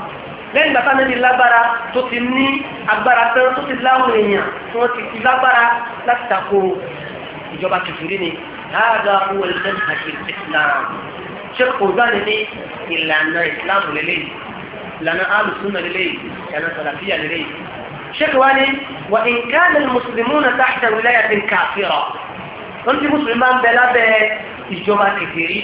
S1: لأن بطانة اللبرة تطمني أكبر أكبر تطم الله لنيا سنوات اللبرة لا تقول إجابة تجريني هذا هو المنهج الإسلام شرق ذلك إلا أن إسلام لليه لنا آل السنة لليه لنا سلفية لليه sheikh wa ni wa in kana al-muslimuna tahta wilayatin kafira wọ́n ti mùsùlùmí máa ń bẹ lábẹ́ ìjọba kékeré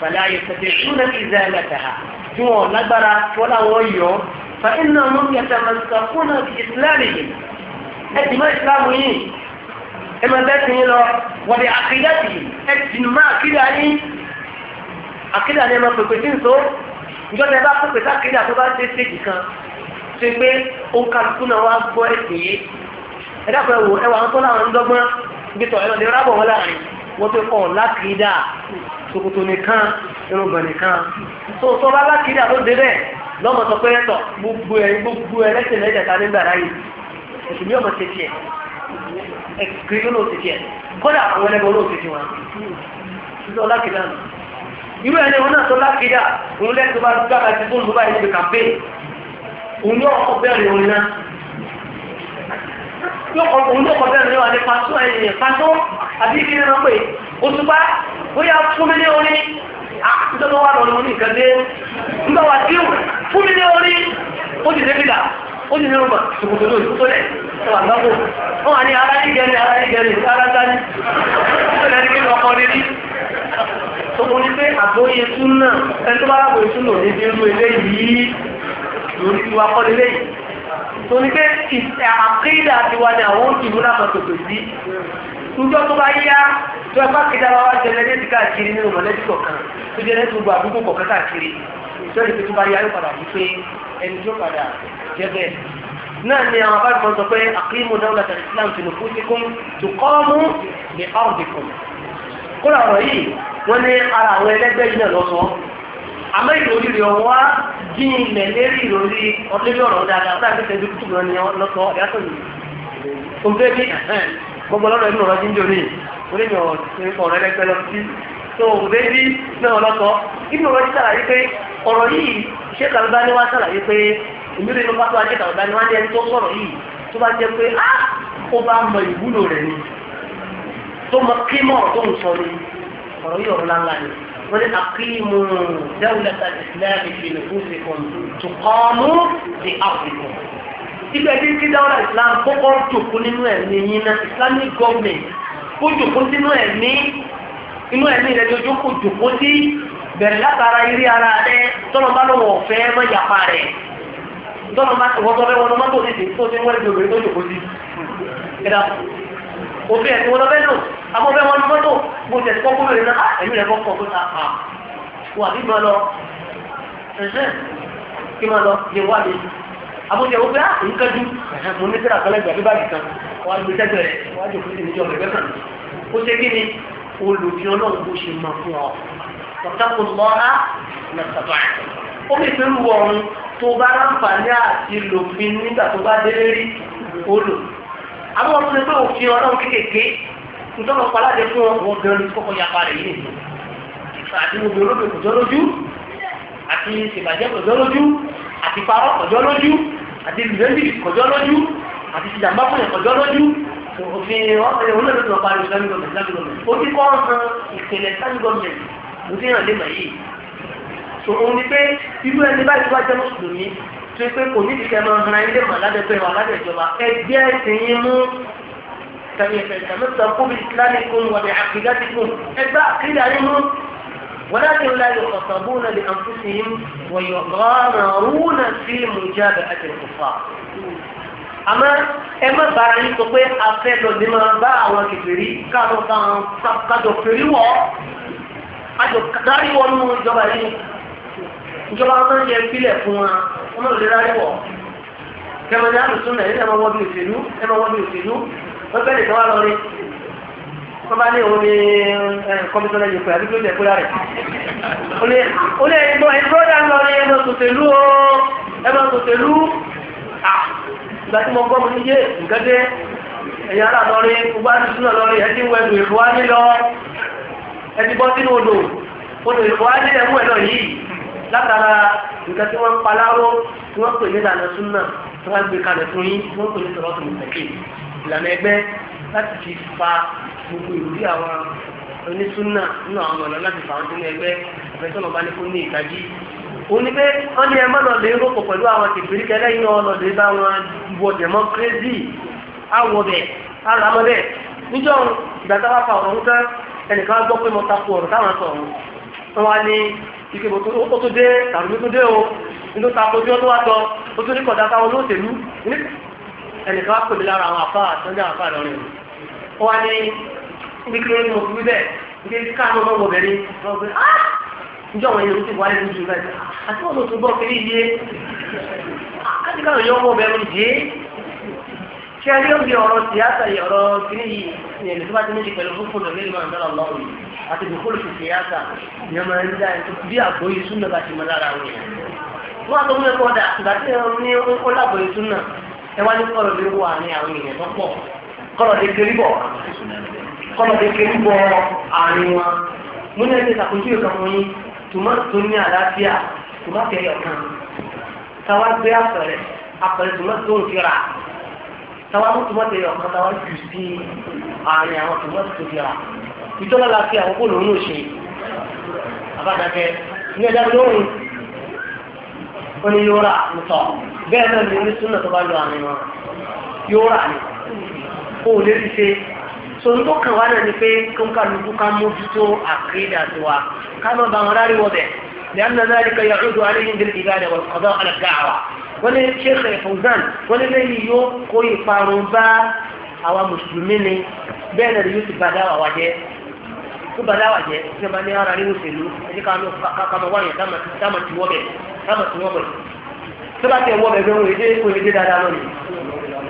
S1: fàlẹ́ ayọ̀tẹ̀tẹ̀ ìṣúná ìzà ẹlẹ́tàá tí wọ́n lágbára wọ́n láwọn yọ fa iná mú yàtọ̀ mọ̀tàkùnà ìsìláàmì yìí ẹ̀dì mọ́ ìsìláàmù yìí ẹ̀mọ̀ bẹ́ẹ̀ ti ń lọ wọ́n di àkídàtì ẹ̀dì mọ́ àkídà yìí àkídà ni ẹ̀mọ̀ pèpè tí ń so ìjọba ẹ bá pèpè sákídà tó bá dé séèjì kan ṣe pé ó ń kálukú náà wá gbọ́ ẹ̀sìn yìí ẹ̀dá kan wò ẹwà ń tọ́ láwọn ń dọ́gbọ́n gbẹtọ̀ ẹ̀rọ ní rábọ̀ wọn láàrin wọ́n tó kọ̀ lákìídà ṣòkòtò nìkan irùngbọ̀n nìkan tó tó bá lákìídà ló dé bẹ́ẹ̀ lọ́mọ sọ pé ẹ̀tọ̀ gbogbo ẹ̀ gbogbo ẹ̀ lẹ́sìn lẹ́jàta nígbà ráyè ẹ̀sùn bí ọmọ ṣe tiẹ̀ ẹ̀kiri ló ti tiẹ̀ kọ́dà àwọn ẹlẹ́gbẹ̀ẹ́ ló ti ti wọn òun ní ọkọ̀ bẹ̀rẹ̀ òun náà òun ní ọkọ̀ bẹ̀rẹ̀ òun ní pàṣọ ẹ̀yìn pàṣọ àbí kí ni wọ́n pè òṣùpá bóyá fún mi ní orí àtúntò wà lọ́nà òun nìkan dé nígbà wà sí fún mi ní orí ó ti dé bìlà ó ti nínú bà ṣòkòtò lórí tó lẹ̀ ẹwà gbáko wọn àní ara ní ìròrí ti wá kọ́ lélẹ́ yìí tó ní pé àkéèdà ti wá ní àwọn òṣìlú láwọn tòtò sí ìjọ tó bá yá tó ẹgbá kéde àwọn wá jẹrẹ létí káàkiri nínú mọ̀lẹ́bí kọ̀ọ̀kan tó jẹrẹ tó gbà àdúgbò kọ̀ọ̀kan káàkiri ìjọ́ni tó bá yá yóò padà yí pé ẹni tó padà jẹ bẹ́ẹ̀ náà ni àwọn abáyé sọ pé àkéèmù dáwọ́lá tàbí Islam tó nùkú sí kún tó kọ́ àmọ́ ìròrí rẹ̀ wá jí ilẹ̀ lérí ìròrí ọdún ọ̀rọ̀ dáadáa sáà fi tẹ̀sí kúkú lọ́ni lọ́tọ̀ yàtọ̀ yìí. òǹfẹ́ ní gbogbo ọlọ́rọ̀ inú ọ̀rọ̀ jíjọ ní onímọ̀ ọ̀rọ̀ ẹlẹ́gbẹ́ lọ sí tó òǹfẹ́ bí náà lọ́tọ̀ inú ọ̀rọ̀ yìí sàlàyé pé ọ̀rọ̀ yìí ṣé kàlùbá ni wá sàlàyé pé ìmúlò inú pátó ajé kàlùbá ni wá ní ẹni tó sọ̀rọ̀ yìí tó bá jẹ́ pé á ni tó mọ kímọ̀ tó ń sọ ni ọ̀rọ̀ yìí ọ̀rọ̀ ولن أقيموا دولة الإسلام في نفوسكم تقاموا بأرضكم ibẹ̀ bí kí dáwọ́lá islam kọ́kọ́ jòkó nínú ẹ̀mí yín náà islamic government kó jòkó nínú ẹ̀mí inú ẹ̀mí rẹ̀ ni ojú kò jòkó sí bẹ̀rẹ̀ látara irí ara rẹ̀ tọ́nà bá lọ́wọ́ ọ̀fẹ́ mọ́ ìyapa rẹ̀ tọ́nà bá ti wọ́n tọ́ fẹ́ wọn mọ́tò ní ìsìn tó ti wọ́n lè gbèrè tó jòkó sí òfin ẹ̀sìn wọn lọ bẹ́ẹ̀ lò amọ́fẹ́ wọn ní mọ́tò mo tẹ̀ sọ́ kúrò rẹ̀ náà ah, ẹ̀mí rẹ̀ kọ́kọ́ tó ta à wà bí mọ́ lọ ẹ̀sẹ̀ kí mọ́ lọ lè wá lè amọ́fẹ́ wọn pé á ń kẹ́jú mo ní sẹ́ra kọ́lẹ́ gbàgbé báyìí kan wà á gbé rẹ̀ wà jò fún ìdíjọ́ rẹ̀ bẹ́ẹ̀ ó ṣe kí ni olùfin ọlọ́run bó ṣe mọ̀ fún ọ ọ̀tàkùn lọ́ha nàtàbà ó fi fẹ́ wọ̀run tó bá ráǹfààní àti lòfin nígbà tó bá délé rí ó àwọn ọmọ náà ò fi ọlọ́run kéékèèké nítorí ọ̀pọ̀ aláàjẹ fún wọn bẹ̀rẹ̀ lórí kọ́kọ́ yapa rẹ̀ yìí nìyí àti mo bẹ̀rẹ̀ lóde kòjọ́ lójú àti ìṣèbàjẹ́ kòjọ́ lójú àti parọ́ kòjọ́ lójú àti ìlúwẹ́bì kòjọ́ lójú àti ìjàmbá fún ìkọjọ́ lójú òfin olóòtú ọ̀pá islamic government islamic government ó ti kọ́ han ìpìlẹ̀ islamic government mo so òun ni pé irú ẹni báyìí wá jẹ́ ṣe pé kò ní ìdíkẹ́ máa hàn ilé mà ládẹ́pẹ́ wà ládẹ́ ìjọba ẹgbẹ́ ẹ̀sìn yín mú kàmíyẹ̀fẹ̀ ìsàmẹ́sà kóbi ìsìlámì kún wà ẹ má bára yín sọ pé afẹ́ lọ ní máa bá àwọn kèfèrí káàdọ̀ kan kájọ fèrí wọ́ àjọ dáríwọ́ nínú ìjọba yìí ìjọba ọmọ ń yẹ ìpìlẹ̀ fún wa ọmọ ìlera ẹ̀wọ̀ kẹmọdé àlùsùn náà ẹ̀rọ wọ́n bí òṣèlú ẹ̀rọ wọ́n bí òṣèlú wọ́n fẹ́ lè tọ́wá lọ rí wọ́n bá ní òun ní kọ́mísọ́nà yòókù àbí tó lẹ̀ kúlá rẹ̀ ó lè gbọ́ ìbúrọ́dà ń lọ ní ẹ̀rọ tòṣèlú o ẹ̀rọ tòṣèlú ìgbà tí mo gbọ́ mo ní yé nǹkan dé ẹ̀yà àlà lọ rí gbogbo àlùsùn náà lọ rí ẹ̀dí wọ ẹ̀dùn ìfọwá ní lọ bọ́ sínú odò odò ìfọwá ní ẹ̀mú ẹ̀ lọ yìí látara nǹkan tí wọ́n ń paláró tí wọ́n pè ní ìlànà súnà tí wọ́n gbé kalẹ̀ fún yín tí wọ́n pè ní sọ̀rọ̀ tó ń tẹ̀lé ìlànà ẹgbẹ́ láti fi fa gbogbo ìrírí àwọn onísúnà nínú àwọn ọ̀nà láti fa àwọn sínú ẹgbẹ́ àfẹsọ̀nà bá ní kó ní ìtají. ó ní pé wọ́n ní ẹ má lọ lè rọ́pò pẹ̀lú àwọn tìpìrí kẹlẹ́ yín ọ̀nà lè bá wọn wọ democracy àwọ̀bẹ̀ àràmọ́bẹ̀ níjọ́ ìgbà táwọn fa ike mo tó dé tàbí tó dé o nínú tako bí ó tó wá tọ ó tó ní kọ̀dá táwọn olóòtẹ̀lú ẹnìkan wá pè mí lára àwọn àfá àtọ́jà àfá lọ́rin ó wá ní wípé mo fi wí bẹ́ẹ̀ wípé káàánú ah! ọmọ wọ̀ bẹ̀rẹ̀ wọ́n gbé á níjọ́ àwọn ènìyàn ti wáyé lójú rẹ̀ àti wọn ló tún gbọ́ kiri yé káàdì káàánú yọ ọmọ bẹ̀rẹ̀ yé ṣe ẹni ó di ọ̀rọ̀ tìyàtà ọ̀rọ̀ kìíní yìí ní ẹni tó bá ti ní ṣe pẹ̀lú fúnfún lórí ìlú àmì ọlọ́run yìí àti ìdókòlù sí tìyàtà ni ọmọ ẹni dá ẹni bí àgbóyè súnà bá ti mọ lára àwọn èèyàn. wọ́n á sọ fún mi kọ́ da ìgbà tí ẹ̀rọ ní ó lágbóyè súnà ẹ wá ní kọ́rọ̀ lè wà ní àwọn èèyàn tó pọ̀ kọ́rọ̀ lè kéré bọ̀ kọ́rọ̀ lè kéré bọ̀ àárín wọn. mo ní ẹni ṣàkójúwe kan fún táwa mú tòmọ́tò yọ ọ̀kan táwa jù sí àárín àwọn tòmọ́tò tó fi hàn ìtọ́lá la fi àwọn bóòlù òun ṣe àbádàkẹ́ ní ẹ̀dá lóhùn ó ní yóò rà nìtọ̀ bẹ́ẹ̀ náà ni ní súnà tó bá lọ àmì wọn yóò rà ní kó o lè rí ṣe sọ̀rọ̀ tó kàn wá náà ni pé kó ń ká lùkú ká mójútó àkéèdà tó wa ká má ba wọn rárí wọ bẹ̀ lẹ́yìn náà ní ká yàrá òdo aléyìn délé ìgbà rẹ̀ wọ́n kọ́ wọ́n ní sheikh ẹ̀fọ̀gán wọ́n ní lẹ́yìn yóò kó ìparun bá àwa mùsùlùmí ni bẹ́ẹ̀ náà yóò ti bàdá wà wájẹ́ tó bàdá wà jẹ́ ṣé máa ní ara nínú òṣèlú ẹ̀jẹ̀ ká ló kàmọ́ wáyé dáàmà tí wọ́n bẹ̀ tó bá tẹ̀ wọ́n bẹ̀ fẹ́ òyìnbó òyìnbó dáadáa lónìí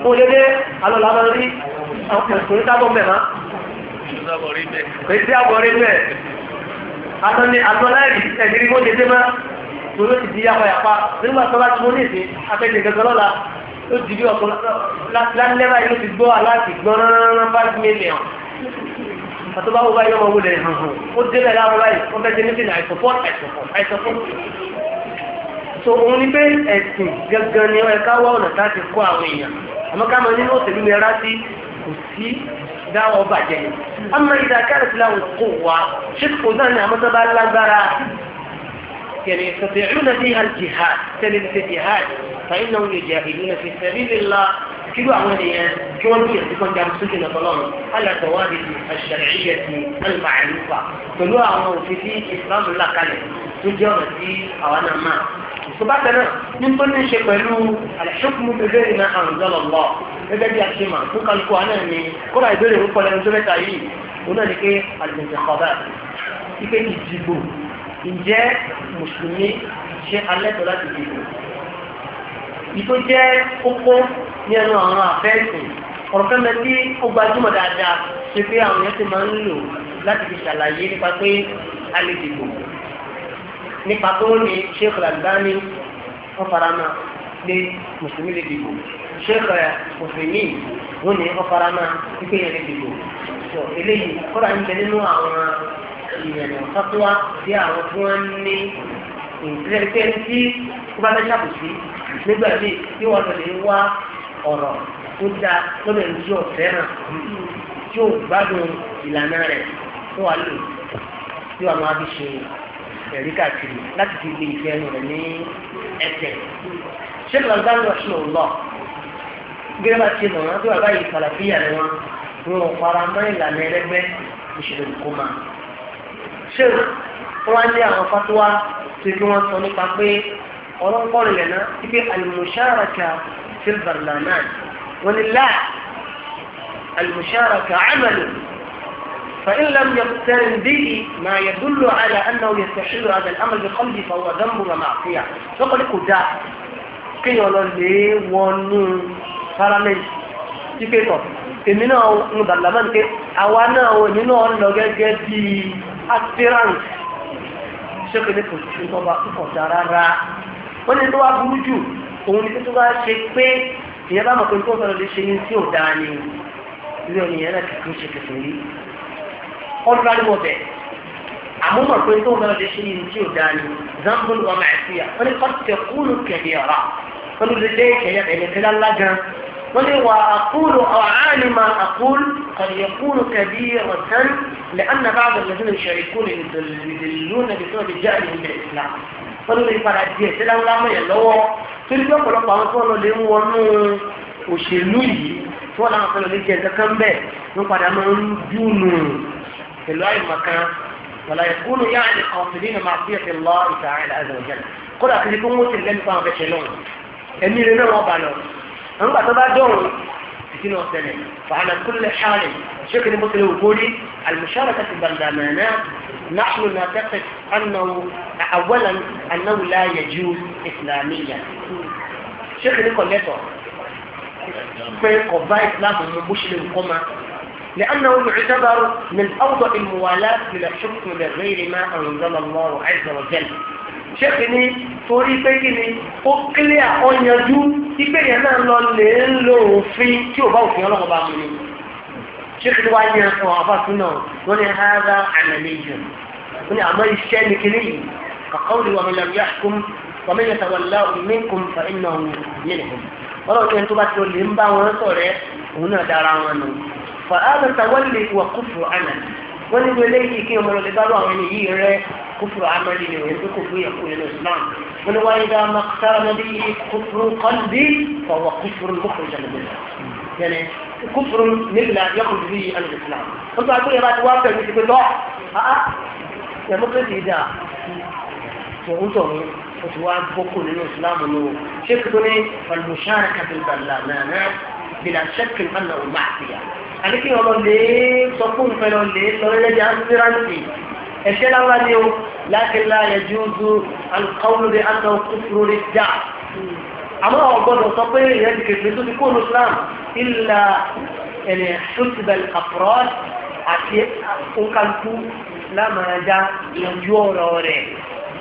S1: òyìnbó alọ́lá máa rí ọkùnrin sábọ̀ mẹ́ ma kò sí àbọ̀rí bẹ́ẹ̀ tó ló ti di yapayapa nígbà tó bá ti wọlé sí afẹ́jẹ̀ gẹ́gẹ́ lọ́la ó di bí ọkùn lálẹ́bà yìí ló ti gbọ́ aláàtì gbọ́n rárá five million àti báwo báyìí ọmọ wọlé ó délẹ̀ láwọn báyìí wọ́n fẹ́ ṣe níbi náà àìsọ̀fọ́ àìsọ̀fọ́ àìsọ̀fọ́ so òun ni pé ẹ̀sìn gẹ́gẹ́ ni ẹ̀ka wá ọ̀nà láti kó àwọn èèyàn àmọ́ ká máa nínú òṣèlú ni ẹ̀rá sí kò sí dáwọ́ bàjẹ́ ni. àmọ́ ìdàkẹ́rẹ̀ ti kò wá ṣé kò náà ni àmọ́ bá lágbára يعني يستطيعون فيها الجهاد سبيل الجهاد فإنهم يجاهدون في سبيل الله كيلو عمليا كيلو يكون دام سجن طلال على ثوابت الشرعية المعروفة كيلو عمل في في إسلام الله قال تجارة في أو أنا ما سبحانه من ضمن شيء قالوا الحكم بغير ما أنزل الله إذا جاء شيء ما فقال كوانا من كرة يدري هو قال أنزل تعيين هنا لكي الانتخابات لكي يجيبوه ǹjẹ́ mùsùlùmí ṣe alẹ́tọ̀ láti dìbò ìtò jẹ́ kókó ní ẹnu àwọn àfẹ́sìn ọ̀rọ̀ fẹ́ mẹ́ tí ó gbajúmọ̀ dáadáa ṣe pé àwọn èèyàn ti máa ń lò láti fi ṣàlàyé nípa pé a lè dìbò nípa tó ní Sheikh Al-Albani wọ́n fara mọ́ pé mùsùlùmí lè dìbò Sheikh Al-Uthaymeen wọ́n ní wọ́n fara pípé yẹn lè dìbò eléyìí kọ́ra ń bẹ nínú àwọn ìyẹnì ọ̀sọ́tọ́wá sí àwọn tí wọ́n ní ìdílẹ́gbẹ́ tí wọ́n bá fẹ́ ṣàkóso nígbà míì tí wọ́n lọ lè wá ọ̀rọ̀ tó dáa lọ́dọ̀ ẹni tí yóò fẹ́ràn tí yóò gbádùn ìlànà rẹ̀ tó wà lò tí wọ́n máa fi ṣe ẹ̀rí káàkiri láti fi gbé ìfẹ́ rẹ̀ ní ẹsẹ̀. ṣé lọ́gbà ń lọ sí òun gẹ́gẹ́ bá ti mọ̀ wọ́n tí wọ́n bá yí kàlàfíà ni wọ́n wọn fara mọ́ ìlànà ẹlẹ́gbẹ́ ìṣẹ̀lẹ̀ ṣe wọ́n wá ní àwọn fatuwa tó kí wọ́n sọ nípa pé láà alìmọ̀ṣáraka àmàlù فإن لم يقترن به ما يدل على أنه يستحيل هذا الأمر بقلبه فهو ذنب ومعصية فقد قد كي يقول لي ونو فرمي ipe tọ̀ èmi náà ń dàgbà máa ń pé àwa náà ò ní náà ń lọ gẹ́gẹ́ bí aspirant ṣé kò ní kò sí tó bá kúkọ̀ dá rárá wọ́n ní tó wá burú jù òun ni pé tó bá ṣe pé ìyẹn bá mọ̀ pé tó sọ̀rọ̀ lè ṣe ní tí ò dáa ni ilé ọ̀nì yẹn náà kìkì ń ṣe kìkì rí ọdún bá rí wọ bẹ̀ àmọ́ mọ̀ pé tó sọ̀rọ̀ lè ṣe ní tí ò dáa ni zambon ọmọ àti wọ́n ní kọ́ قل وأقول أو عالما أقول قد يكون كبيرة لأن بعض الذين يشاركون يدلون بسبب جهلهم بالإسلام قالوا لي فرع الدين سلام لا ما يلوه تلقى قلوا بعض قالوا لي ونو òṣèlú yìí tí wọ́n náà fẹ́lẹ̀ lè jẹ́ ẹ̀dẹ́kan bẹ́ẹ̀ ló padà máa ń dúnú pẹ̀lú àìmọ̀kan wàlá ìkúnú yá àlè ọ̀sìn nínú máa fi ẹ̀sìn lọ ìta àìlà àìsàn ìjẹ́lẹ̀ kódà kí ni kó ń wọ́n ti lẹ́nu fáwọn fẹ́ṣẹ̀ náà ẹ̀mí rẹ̀ náà wọ́n bá lọ أنك تبادون تتنو أسنة فعلى كل حال شكرا مثل وقولي المشاركة في البرلمانات نحن نعتقد أنه أولا أنه لا يجوز إسلاميا شكرا لكم في قضاء إسلام ومبوش للقمة لأنه يعتبر من أوضع الموالاة من الشكر لغير ما أنزل الله عز وجل ṣẹ́kì ní torí pé kí ni ó kílẹ̀ ọ̀yanjú ipé yẹn náà lọ lè ń lo òfin tí ò bá òfin ọlọ́pàá bá mú ni ṣẹ́kì ní wá yẹn fún àwọn afáfin náà wọ́n ní hàrá àmàlẹ́jọ wọ́n ní àmọ́ iṣẹ́ ní kíní yìí kàkọ́ òde wàmí lam yahkum wàmí yẹn tàwálá minkum fa wọ́n lọ́wọ́ kẹ́ni tó bá ti lè ń bá wọn sọ̀rẹ́ òun náà dára wọn nù fa ábẹ̀tàwọ́lì wà kúfù àná wọ́n ní wọlé yìí kí كفر عملي ويبقى كفر يقول الإسلام من وإذا ما اقترن به كفر قلبي فهو كفر مخرج من الله يعني كفر ملة يخرج به عن الإسلام أنت أقول يا رات واقع يقول لا ها آه، آه. يا مخرج إذا فأنتم وتواب بكل الإسلام أنه شكتني فالمشاركة في البرلمانات بلا شك أنه معصية عليك يقول ليه صفون فلو ليه لو لجأ أنت ẹ̀ṣẹ̀ lára ni o lákìlá yẹjú ju alùpàwùlù rẹ̀ àná kúfúrú rẹ̀ já àmọ́ ọ̀gbọ́dọ̀ sọ pé ìyẹn ti kèfé tó ti kó Islam ìlà ẹ̀nì ṣùtìbẹ̀lì àfúrọ́d àti òǹkàlùkù lámàájá yanjú ọ̀rọ̀ rẹ̀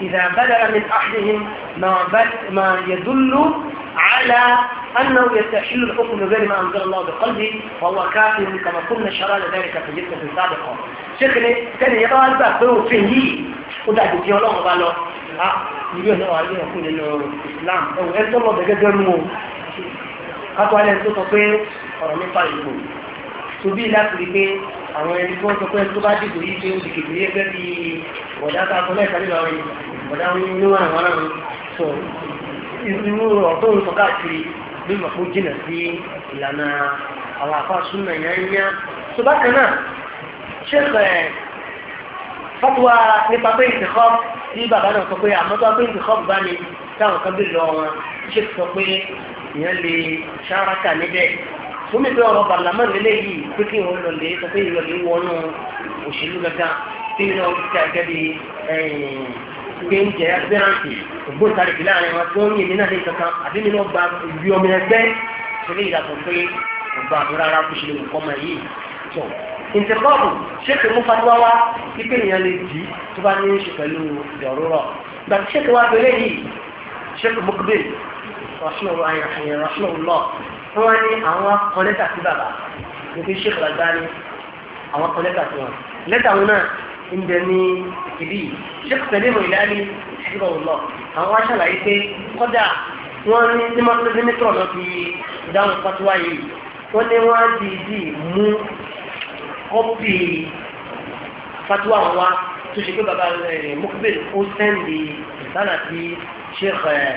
S1: ìdàbàdàrà ní àṣìhìn máa yẹdúlù على أنه يستحيل الحكم بغير ما أنزل الله بقلبه وهو كافر كما كنا شرعنا ذلك في جلسة السابقة. شكله كان يقرأ الباب فهو فيه وده جديد الله وقاله ها يقول له عليه يقول إنه الإسلام أو أنت الله بجد مو kátó alẹ́ tó sọ pé ọ̀rọ̀ nípa ìbò tóbi láti rí pé àwọn ẹni tó ń sọ pé tó bá dìbò yìí ṣe ń di kékeré ẹgbẹ́ bí ọ̀dà ká fún ẹ̀ka nínú àwọn ọ̀dà oníwọ̀n àwọn aráàlú sọ irú ọ̀tọ́ òṣọ káàkiri bí mọ̀ kó jìnà sí ìlànà àwọn àfáàsùn náà yẹn yá tó bá kan náà ṣe eh, ẹ̀ fatuwa nípa pé ìtìkọ́ tí bàbá náà sọ pé àmọ́tọ́ pé ìtìkọ́ bá ní táwọn kan bí lọ wọn ṣe sọ pé ìyẹn lè ṣáraka níbẹ̀ fúnmi pé ọ̀rọ̀ bàlámà lélẹ̀ yìí pé kí wọ́n lọ lè sọ pé ìrọ̀lẹ́ wọnú òṣèlú gàgà tí wọ́n ti àgẹ́ eh, pé ń jẹ aspirant ògbóǹtarìkì láàrin wọn tó ń yìn mí náà ní kankan àbí mi náà gba ìlú ọmọ ẹgbẹ́ ṣẹlẹ̀ ìdàpọ̀ pé ọgbà àbúrò ara kò ṣe lè kọ́ ọmọ yìí tó. ìǹtẹ̀kọ́ọ̀bù ṣéèkì mú fatiwa wá pípé èèyàn lè dì í tó bá ní í ṣe pẹ̀lú ìdọ̀rọ̀rọ̀ gbà tí ṣéèkì wá gbélé yìí ṣéèkì mọ́kúbẹ̀ rọ̀ṣùlọ̀ àwọn kọ ń bẹ ní ìbí sheikh salim ilani ṣíbọ̀ ọ̀nà àwọn aṣàlàyé pé kọ́dà wọ́n ní ní mọ́tòdé ní tọ̀nà fi dáhùn pátíwá yìí wọ́n ní wọ́n á di ìdí mú kọ́pì pátíwá wa tó ṣe pé bàbá mokbel ó sẹ́ndì ìsánà sí sheikh eh,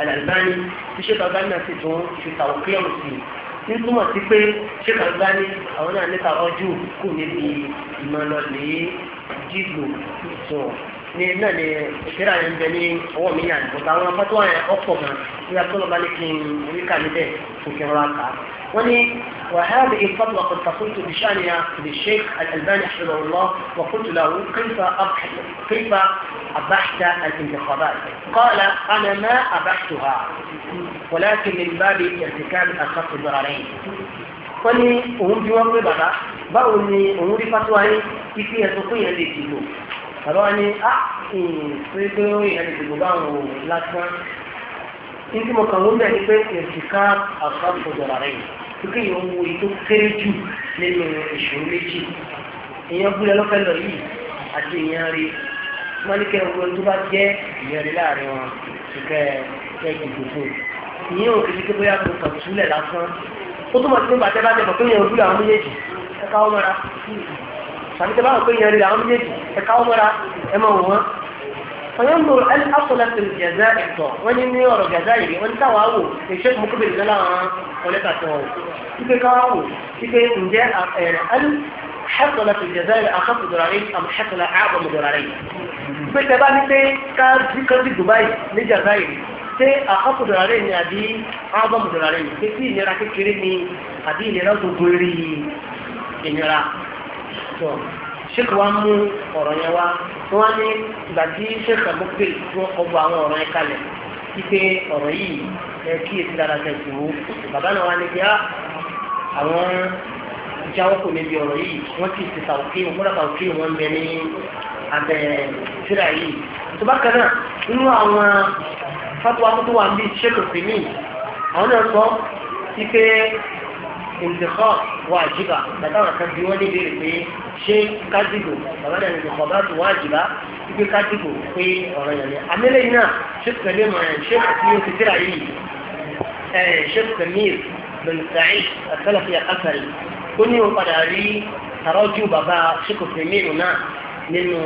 S1: al-albani tí sheikh albani náà sì tún fi tàwọn kílọ̀mù sí i nítumọ̀ sí pé ṣé kàńgá ní àwọn náà níta ọjọ́ kù níbi ìmọ̀lọ́lẹ̀ jíìlù sọ ní náà ni ìṣẹ́ra yẹn ń bẹ ní ọwọ́ mi yàn kò táwọn pátó àyàn ọ̀pọ̀ gan nígbà tó lọ́ba ní kí n rí níbẹ̀ kò fi rọra kà wọ́n ní وهذه الفتوى قد فصلت بشأنها للشيخ الألباني حفظه الله وقلت له كيف أبحث كيف أبحت الانتخابات؟ قال أنا ما أبحتها ولكن من باب ارتكاب أخف الضررين wọ́n ní òun bí wọ́n pé bàbá báwo ni bàbá wa a á pé pé ó yẹ ìdìbò báwọn ò lásán ní tí mo kàn ló ń bẹ̀ ni pé èsì ká àkàkọ̀ jọ̀rọ̀ rẹ̀ tó kéèyàn ń wo èyí tó kéré jù nínú ìṣòro méjì èèyàn búlẹ̀ lọ́fẹ́ lọ yìí àti èèyàn rí wọ́n ní kẹ́ ẹ̀ wọ́n tó bá jẹ́ èèyàn rí láàrin wọn kẹ́ ẹ̀ dìbò fún un ìyẹn ò kìí pé bóyá mo kàn túlẹ̀ lásán ó túmọ̀ sí pé bàtẹ́ bá jẹ́ bọ̀ pé èèyàn búlẹ̀ àwọn méjèèjì ẹ káwọ́ mọ́ra àti báwọn pé yẹn rí àwọn méjèèjì ẹ̀ka ọmọra ẹ máa wọ́n. wọ́n ń lo asọ́lẹ̀tì gẹ̀ẹ́zẹ́ ẹ̀tọ́ wọ́n ní ní ọ̀rọ̀ gẹ̀ẹ́zẹ́ yìí wọ́n ní táwọn awò èṣẹ́ ìmúkúbẹ̀ ìlú láwọn ọ̀lẹ́ta tó wọ̀ wípé káwọn awò wípé ǹjẹ́ hasalatul jazair akhafu durarin am hasala a'zam durarin pé tẹ́ bá ní pé ka ni àbí a'zam ìnira kékeré ni àbí ìnira gbogbo rí ìnira tó sheikh wa mú ọ̀rọ̀ yẹn wá wọ́n wá ní ìgbà tí sheikh abúgbé tó ọgbọ àwọn ọ̀rọ̀ yẹn kalẹ̀ wípé ọ̀rọ̀ yìí ẹ kí èsì dára tẹ̀sí wò bàbá náà wá ní bí ah, àwọn jáwọ́ kò níbi ọ̀rọ̀ yìí wọ́n ti ti tàwùkí wọn kúrò tàwùkí wọn bẹ ní abẹ síra yìí tó bá kan náà nínú àwọn fatuwa tó انتخاب واجبة فترى تبيوني بإيه شيء كذبه فبدا الانتخابات واجبة يبقى كذبه في أغنى عمل هنا شيخ سليم شيخ سليم كثير عيني شيخ سمير بن سعيد السلفي الأثري كني وقد علي تراجع بابا شيخ سمير هنا nínú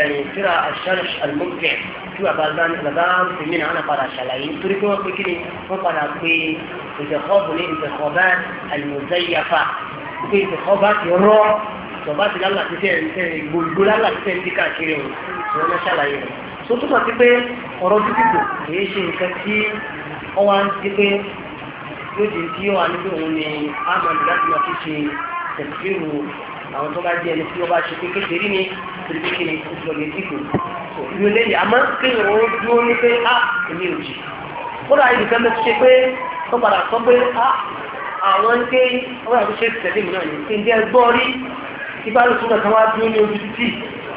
S1: ẹ̀yìn tíra àṣàrẹ̀ àlùmọ́kẹ̀ tí bàbá في من أنا wọn padà ṣàlàyé nítorí pé wọ́n pé kí ni wọ́n padà pé ìtẹ̀kọ́bù ní ìtẹ̀kọ́bá àlùmọ́záyàfà pé ìtẹ̀kọ́bá ti rọ́ tọ̀bá ti lálà ti tẹ̀ ẹ̀ gbogbo lálà ti tẹ̀ ń díkà kiri o ìwọ́n náà ṣàlàyé rẹ̀ tó túmọ̀ sí pé ọ̀rọ̀ dúdúdù kìí ṣe nǹkan tí wọ́n wá ń pé yóò di tí ó wà níbi òun ni ahmed láti máa fi ṣe tẹ̀síwò àwọn tó bá jẹ́ ẹni tí wọ́n bá ṣe kékeré ní torí kékeré ìjọ lè dìbò ìlú eléyìí àmọ́ kéèyàn ó dúró ní pé á ah, èmi ò jì kódà ibi kan tó ṣe pé tó padà sọ pé á ah, àwọn ké wọ́n yàtọ̀ ṣe tẹ̀lé mi náà ní kí n jẹ́ gbọ́ rí kí bá lóṣù náà kan wá dúró ní ojú títì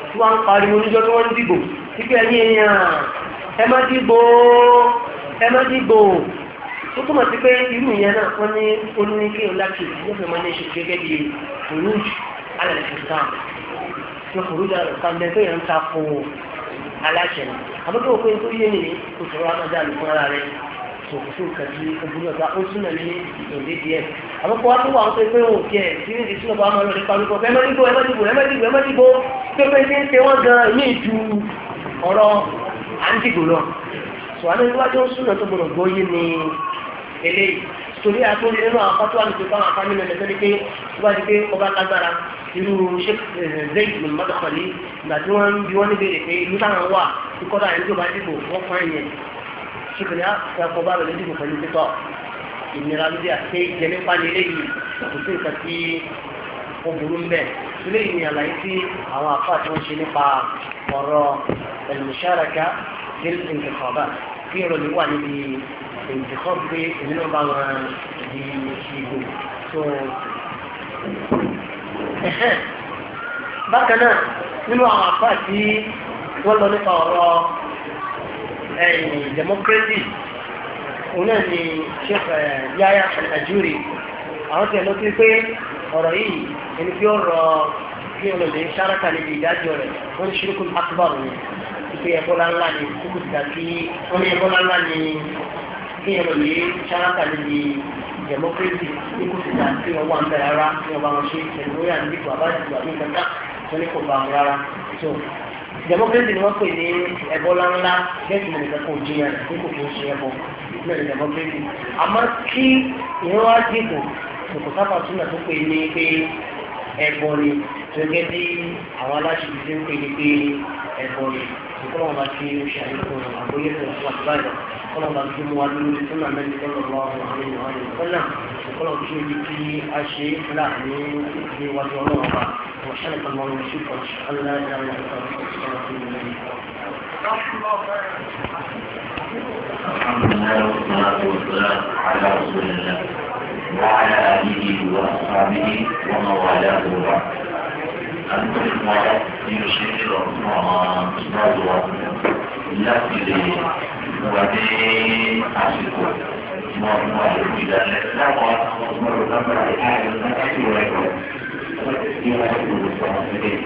S1: tí wọ́n ń pariwo níjọ́ tí wọ́n ń dìbò wípé ẹ̀yin èèyàn ẹ má dìbò ẹ má dìbò ó túmọ̀ sí pé irú ìyẹn náà wọ́n ní oníkéèyàn láti ìlú alẹ́ ìsìnkàn tí kòrò jà kan bẹ́ẹ̀ tó yẹn ń ta kó aláṣẹ ni àbúkẹ́ òkú yẹn tó yé ni kò sọ̀rọ̀ àmàdà lù fún ara rẹ̀ tó kò sóò kàdí obìnrin ọ̀gá ó túnà ní ìdòdè díẹ̀ àbúkẹ́ wa tó wà wọ́n pé òun kẹ́ tí ní ìdí sínú bá máa lọ nípa lóko ẹ mẹ́dìbò ẹ mẹ́dìbò ẹ mẹ́dìbò ẹ mẹ́dìbò pépé ṣe ń ṣe wọ́n gan ní ju ọ̀rọ̀ àǹdìgò lọ sọ̀rọ̀ àdéhùn wájú ó súnà tó gbọdọ̀ gbọ́ yé ni eléyìí torí àtúndì nínú àwọn fatuwa ní pípa àwọn afáàní mẹ́lẹ̀ sẹ́ni pé tó bá di pé ọba lágbára irú eh, Zayd bin Madkhali ìgbà tí wọ́n ń bi wọ́n níbèrè pé ìlú táwọn wà kíkọ́dà ẹni tó bá dìbò wọ́n fún ẹ̀yẹn ṣùgbọ́n yà kọ́ bá rẹ̀ dìbò pẹ̀lú títọ́ ìnira lóde àti ìjẹnipa ní eléyìí kò sí nǹkan tí ó burú ń bẹ̀ ni àlàyé tí àwọn àfáà tí wọ́n ṣe nípa ọ̀rọ̀ al-musharaka kí ìrọ̀lẹ́ wà níbi ìdíkọ́ pé èmi náà bá wọn di ìgò tó bákan náà nínú àwọn àpá tí wọ́n lọ nípa ọ̀rọ̀ democracy òun náà ni Sheikh Yahya Al-Ajuri àwọn tí ẹ̀ lọ sí pé ọ̀rọ̀ yìí ẹni tí ó rọ kí ọlọ́lẹ̀ ṣáraka níbi ìdájọ́ rẹ̀ wọ́n ní ṣírí kún pé ẹ̀bọ́lá ńlá ni kúkú ti dàbí wọ́n ní ẹ̀bọ́lá ńlá ni kí ẹ̀rọ lè ṣáláńtà níbi democracy ní kúkú ti dà sí ọwọ́ àǹtẹ̀ rárá ní ọba wọn ṣe ìṣẹ̀lúwẹ́yà ní ipò àbájáde àbí ìgbàgbà tó ní kò bá wọn rárá tó democracy ni wọ́n pè ní ẹ̀bọ́lá ńlá gẹ́gẹ́ bí nìkan kò jiyàn ní kò kò ṣe ẹ̀bọ ní democracy àmọ́ kí ìrora dìbò kò sábà túnà tó pè ní pé ẹ̀bọ ni gẹ́gẹ́ bí àwọn aláṣẹ ti ń pè ní pé ẹ̀bọ ni. ọlọ́run bá ṣe ó ṣe àlékún àgbóyè fún ọ̀ṣun àtìbáyọ̀ ọlọ́run bá ṣe mú wa lórí sọ́nà mẹ́rin sọ́nà lọ́wọ́ àwọn ènìyàn àwọn sọ́nà ọlọ́run ṣe ojú kí a ṣe fúlà ní ìdílé wájú ọlọ́run bá ọ̀ṣun àtìbáyọ̀ ṣe kọ̀ ọ̀ṣun àtìbáyọ̀ ṣe kọ̀ ọ̀ṣun àtìbáyọ̀
S2: ṣe kọ̀ ọ̀ṣun àtìbáyọ̀ àdúgbò nínú